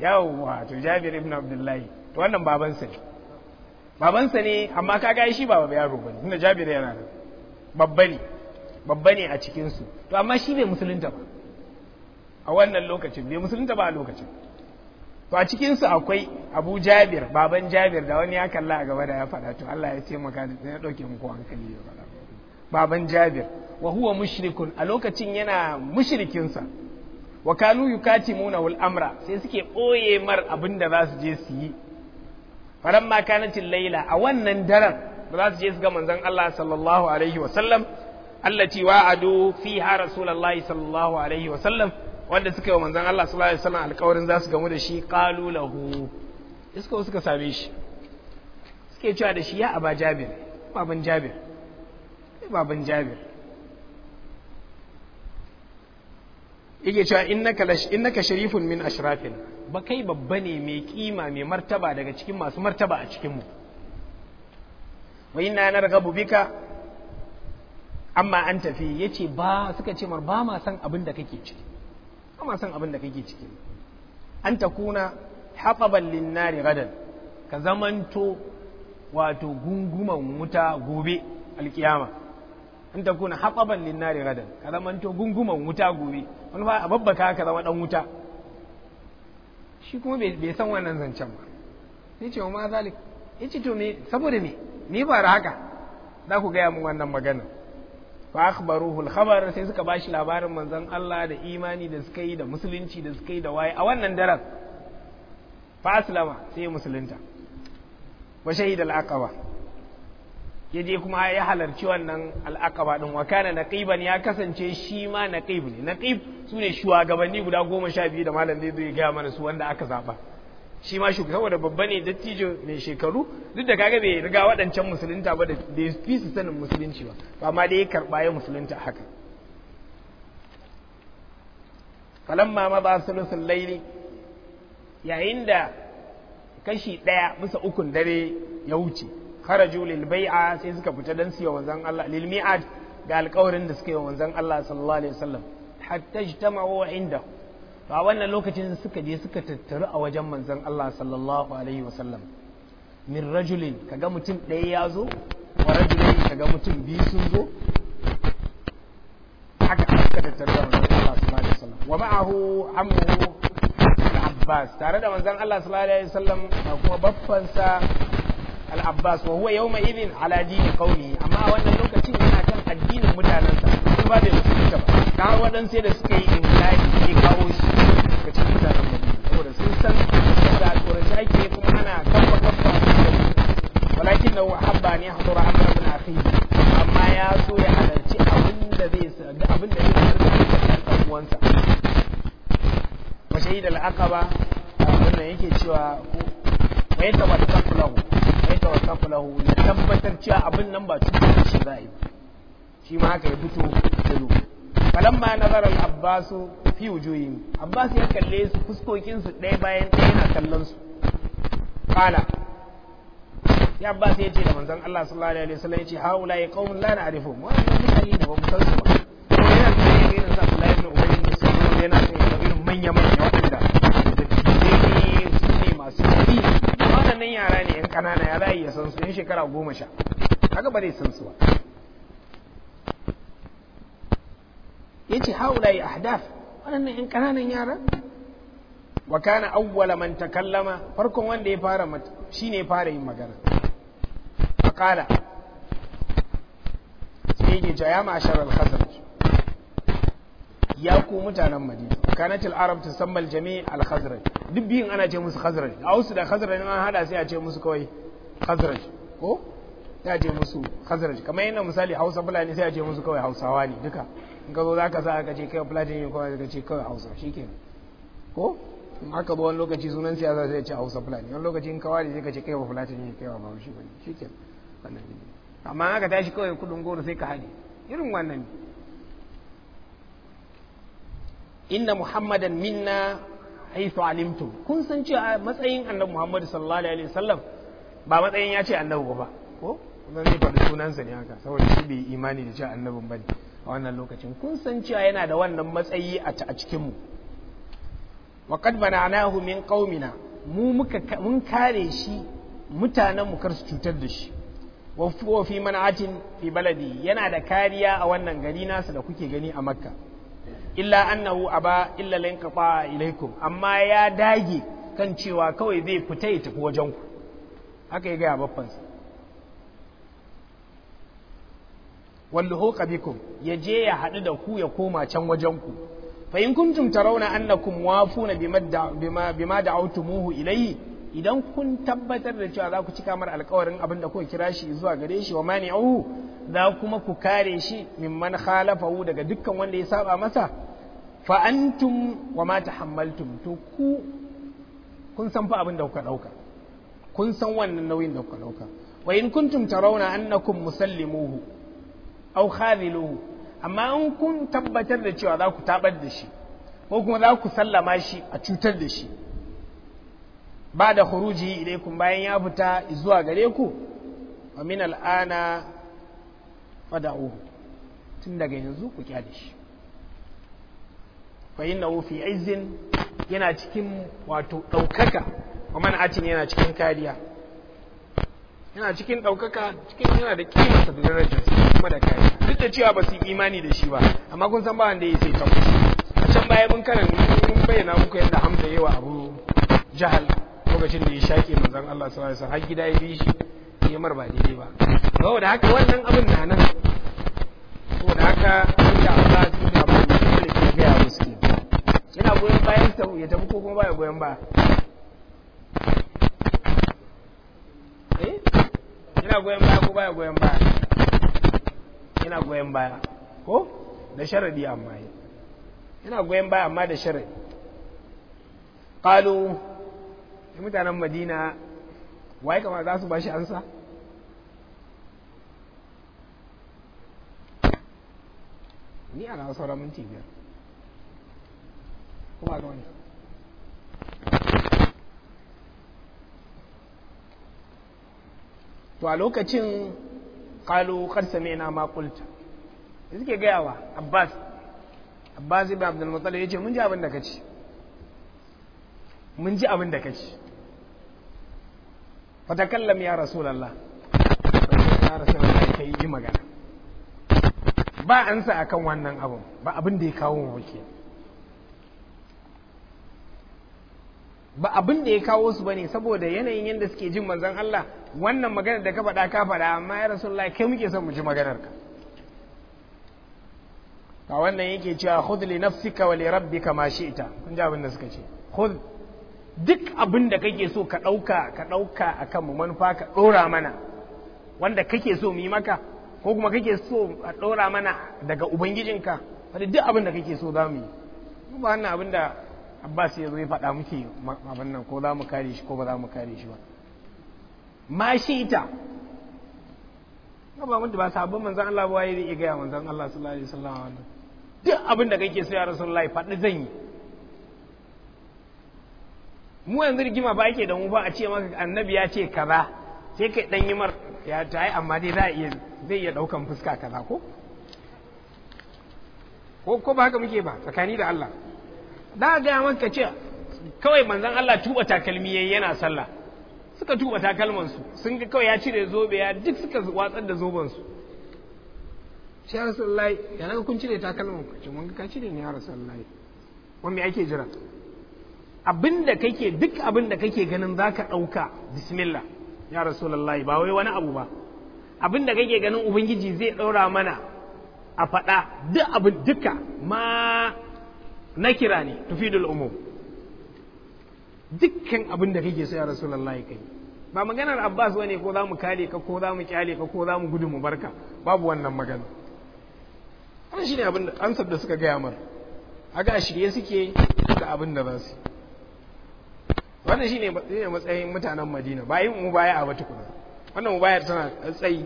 [SPEAKER 1] yawo wato jabir ibn abdullahi to wannan babansa ne babansa ne amma ka gaya shi ba yaro bane tunda jabir yana nan babba ne babba ne a cikin su to amma shi bai musulunta ba a wannan lokacin bai musulunta ba a lokacin to a cikin su akwai Abu Jabir baban Jabir da wani ya kalla a gaba da ya faɗa to Allah ya ce maka da ya dauke muku hankali ya faɗa baban Jabir wa huwa mushrikun a lokacin yana mushrikin sa wa kanu yukatimuna wal amra sai suke boye mar abin da za su je su yi ma kanatin laila a wannan daren da za su je su ga manzon Allah sallallahu alaihi wa sallam allati wa'adu fiha rasulullahi sallallahu alaihi wa sallam wanda suka yi wa manzon Allah sallallahu alaihi wa sallam alƙawarin za su gamu da shi qalu lahu iska suka same shi suke cewa da shi ya aba jabir baban jabir baban jabir yake cewa innaka lash sharifun min ashrafin ba kai babba ne mai kima mai martaba daga cikin masu martaba a cikinmu. mu wa yanar gabu bika amma an tafi Ya ce ba suka ce mar ba ma san abin da kake ciki ba ma san abin da kake ciki an takuna hataban linnari gadan ka zamanto wato gunguman wuta gobe alkiyama an takuna hataban linnari gadan ka zamanto gunguman wuta gobe wani ba a babbaka ka zama dan wuta shi kuma bai san wannan zancen ba sai ce ma zalik ya to me saboda me me ba da haka za ku gaya min wannan magana fa akhbaruhu al sai suka bashi labarin manzon Allah da imani da suka yi da musulunci da suka yi da waye a wannan daren fa aslama sai musulunta wa shahidal aqaba ya je kuma ya halarci wannan al'akaba din wa kana naqiban ya kasance shi ma naqib ne naqib sune shugabanni guda goma sha biyu da malam zai ya gaya mana su wanda aka zaba shi ma shugaba saboda babba ne dattijo mai shekaru duk da kaga bai riga waɗancan musulunta ba da bai fi su sanin musulunci ba ba ma dai ya karɓa ya musulunta haka falamma ma ba sulusul laili yayin da kashi ɗaya bisa ukun dare ya wuce kharaju lil bai'a sai suka fita dan siya wanzan Allah lil mi'ad ga alƙawarin da suka yi wanzan Allah sallallahu alaihi wasallam hatta ijtama'u inda to a wannan lokacin suka je suka tattaru a wajen manzon Allah sallallahu alaihi wasallam min rajulin kaga mutum ɗaya ya zo wa rajulin kaga mutum biyu sun zo haka suka tattaru da manzon Allah sallallahu alaihi wasallam wa ma'ahu ammuhu Abbas tare da manzon Allah sallallahu alaihi wasallam da kuma baffansa al-abbas wa huwa yau idhin ala dini amma a wannan lokacin yana kan addinin mutanensa su ba da musulunta ba ta wadan sai da suka yi inkari ne kawo shi daga cikin mutanen madina saboda sun san saboda alƙuranci ake kuma ana kafa kafa walakin da habba ne hadura amra bin akhi amma ya so ya halarci abin da zai da abin da zai halarci da ba wa shahid al-aqaba wannan yake cewa wa yatawaffaqu lahu alaika wa kafa lahu na tabbatar cewa abin nan ba cikin da shi za a yi shi ma haka ya fito da kalan ma nazara al-abbas fi wujuhihim abbas ya kalle su fuskokin su ɗaya bayan ɗaya yana kallon su kala ya abbas ya ce da manzon Allah sallallahu alaihi wasallam ya ce haula ya qaumun la na'rifuhum wannan mutane da ba mu san su ba to yana tsaye ga irin sa Abdullahi ibn Ubay ibn Salul yana da ga irin manya manya wanda da ne masu kuɗi wannan yara ne ƙanana ya zai ya san su yan shekara goma sha haka ba zai san su ba ya ce haulayi ahdaf waɗannan yan ƙananan yara wa kana awwala man takallama farkon wanda ya fara shine ya fara yin magana faqala sai ya cewa ya ma'ashar al-khazraj ya ku mutanen madina kanat al-arab tusamma al-jami' al-khazraj duk biyun ana ce musu khazraj aus da khazraj an hada sai a ce musu kawai khazraj ko sai ce musu khazraj kamar yana misali hausa fulani sai a ce musu kawai hausawa ne duka in ka zo zaka sa aka ce kai fulani ne kawai ka ce kawai hausa shikenan ko in aka wani lokaci sunan siyasa sai ya ce hausa fulani wani lokaci in kawai sai ka ce kai ba fulani kai ba amma aka tashi kawai kuɗin goro sai ka hade irin wannan inna muhammadan minna haithu alimtu kun san cewa matsayin annabi muhammadu sallallahu alaihi wasallam ba matsayin ya ce annabi ba ko kuma zai faɗi sunansa ne haka saboda shi bai imani da cewa annabin bane a wannan lokacin kun san cewa yana da wannan matsayi a cikin mu wa qad bana'nahu min qaumina mu muka mun kare shi mutanen mu kar su cutar da shi wa fi man'atin fi baladi yana da kariya a wannan gari nasu da kuke gani a makka illa annahu aba illa lanqata ilaikum amma ya dage kan cewa kawai zai fita ya tafi wajen ku haka ya gaya babbansa wallahu qabikum ya je ya hadu da ku ya koma can wajen ku fa in kuntum tarawna annakum wafuna bima bima bima da'awtumuhu ilayhi idan kun tabbatar da cewa za ku ci kamar alkawarin abin da kuka kira shi zuwa gare shi wa au za kuma ku kare shi man khalafahu daga dukkan wanda ya saba masa fa antum wa ma tahammaltum to ku kun san fa abin da kuka dauka kun san wannan nauyin da kuka dauka wa in kuntum tarawna annakum musallimuhu aw khadiluhu amma in kun tabbatar da cewa za ku tabar da shi ko kuma za ku sallama shi a cutar da shi ba da huruji kun bayan ya fita zuwa gare ku wa min al'ana fada'u tun daga yanzu ku kyale shi fa innahu fi izzin yana cikin wato daukaka wa man atin yana cikin kariya yana cikin daukaka cikin yana da kima da darajar kuma da kariya duk da cewa ba su imani da shi ba amma kun san ba wanda ya sai ta a can baya mun karanta mun bayyana muku yadda hamza yawa abu jahal lokacin da ya shaƙe manzon Allah sallallahu alaihi wasallam har gida ya bi shi ya mar ba daidai ba saboda haka wannan abin na nan saboda haka inda Allah ya tuba ba ne dole ke ga ya musu yana goyon bayan ta ya tafi ko kuma baya goyon ba eh yana goyon baya ko baya goyon baya yana goyon baya ko da sharadi amma yana goyon baya amma da sharadi قالوا mutanen madina waye kama za su ba shi ansa ni ana sauran minti biyar kuma ga wani to a lokacin kalu karsa mai na makulta da suke wa abbas abbas ibn abdul ya ce mun ji abin da ka ce mun ji abin da ka ci kallam ya rasulallah ya rasulallah ka yi magana ba an sa a kan wannan abin ba abin da ya kawo mu ba abin da ya kawo su bane saboda yanayin yadda suke jin manzan Allah wannan magana da ka faɗa ka faɗa amma ya rasulallah kai muke son mu ji maganar ka a wannan yake cewa khudh li nafsika wa li rabbika ma shi'ta kun ji abin da suka ce khudh duk abin da kake so ka ɗauka ka ɗauka a kan mu manufa ka ɗora mana wanda kake so mu yi maka ko kuma kake so a ɗora mana daga ubangijinka wadda duk abin da kake so za mu yi ba wannan abin da abbas ya zo ya faɗa muke abin nan ko za mu kare shi ko ba za mu kare shi ba ma shi ita ba mutu ba sabon manzan Allah ba ya iya gaya manzan Allah sallallahu alaihi wasallam duk abin da kake so ya rasulullahi faɗi zan yi mu yanzu rigima ba ake da mu ba a ce maka annabi ya ce kaza sai kai dan yi mar ya ta yi amma dai za iya zai iya daukan fuska kaza ko ko ko ba haka muke ba tsakani da Allah da ga maka ce kawai manzon Allah tuba takalmi yayi yana sallah suka tuba takalman su sun ga kawai ya cire zobe ya duk suka watsar da zoben su shi ya rasulullahi yana kun cire takalman ku ce mun ga ka cire ne ya rasulullahi wanda ake jira abin da kake duk abin da kake ganin za ka ɗauka bismillah ya rasulallahi ba wai wani abu ba abin da kake ganin ubangiji zai ɗaura mana a faɗa duk abin duka ma na kira ne tufidul umu dukkan abin da kake so ya rasulallahi kai ba maganar abbas wane ko za mu kale ka ko za mu kyale ka ko za mu gudu mu barka babu wannan magana an shi ne abin da ansar da suka gaya mar haka a shirye suke da abin da za su wannan shine ne matsayin mutanen madina ba mu baya a wata kuna wannan mubayar tana tsayi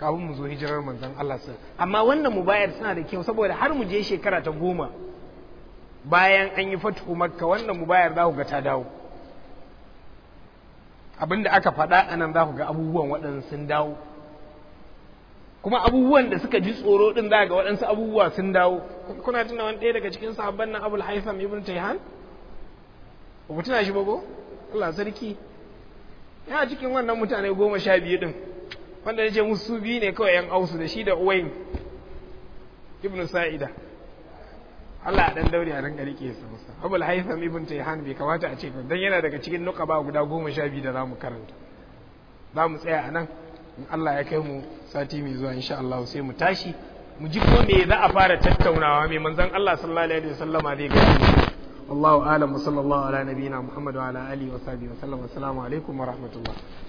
[SPEAKER 1] kafin mu zo hijirar manzan Allah sa amma wannan mubayar tana da kyau saboda har mu je shekara ta goma bayan an yi fatuhu makka wannan mubayar za ku ga ta dawo abin da aka faɗa nan za ku ga abubuwan waɗanda sun dawo kuma abubuwan da suka ji tsoro ɗin za ga waɗansu abubuwa sun dawo kuna tuna wani ɗaya daga cikin sahabban nan abul haifam ibn tayhan ba ku tuna shi ba ko Allah sarki ya cikin wannan mutane goma sha biyu din wanda ce musu biyu ne kawai yan ausu da shi da uwayin ibn sa'ida Allah dan daure a ranka rike su musa abul haitham ibn tayhan bai kamata a ce ba dan yana daga cikin nukaba guda goma sha biyu da zamu karanta zamu tsaya a nan in Allah ya kai mu sati mai zuwa insha Allah sai mu tashi mu ji ko me za a fara tattaunawa mai manzon Allah sallallahu alaihi wasallama zai gani wallahu alam wa sallallahu ala nabiyina muhammad wa ala alihi wa sahbihi wa sallam alaikum wa rahmatullah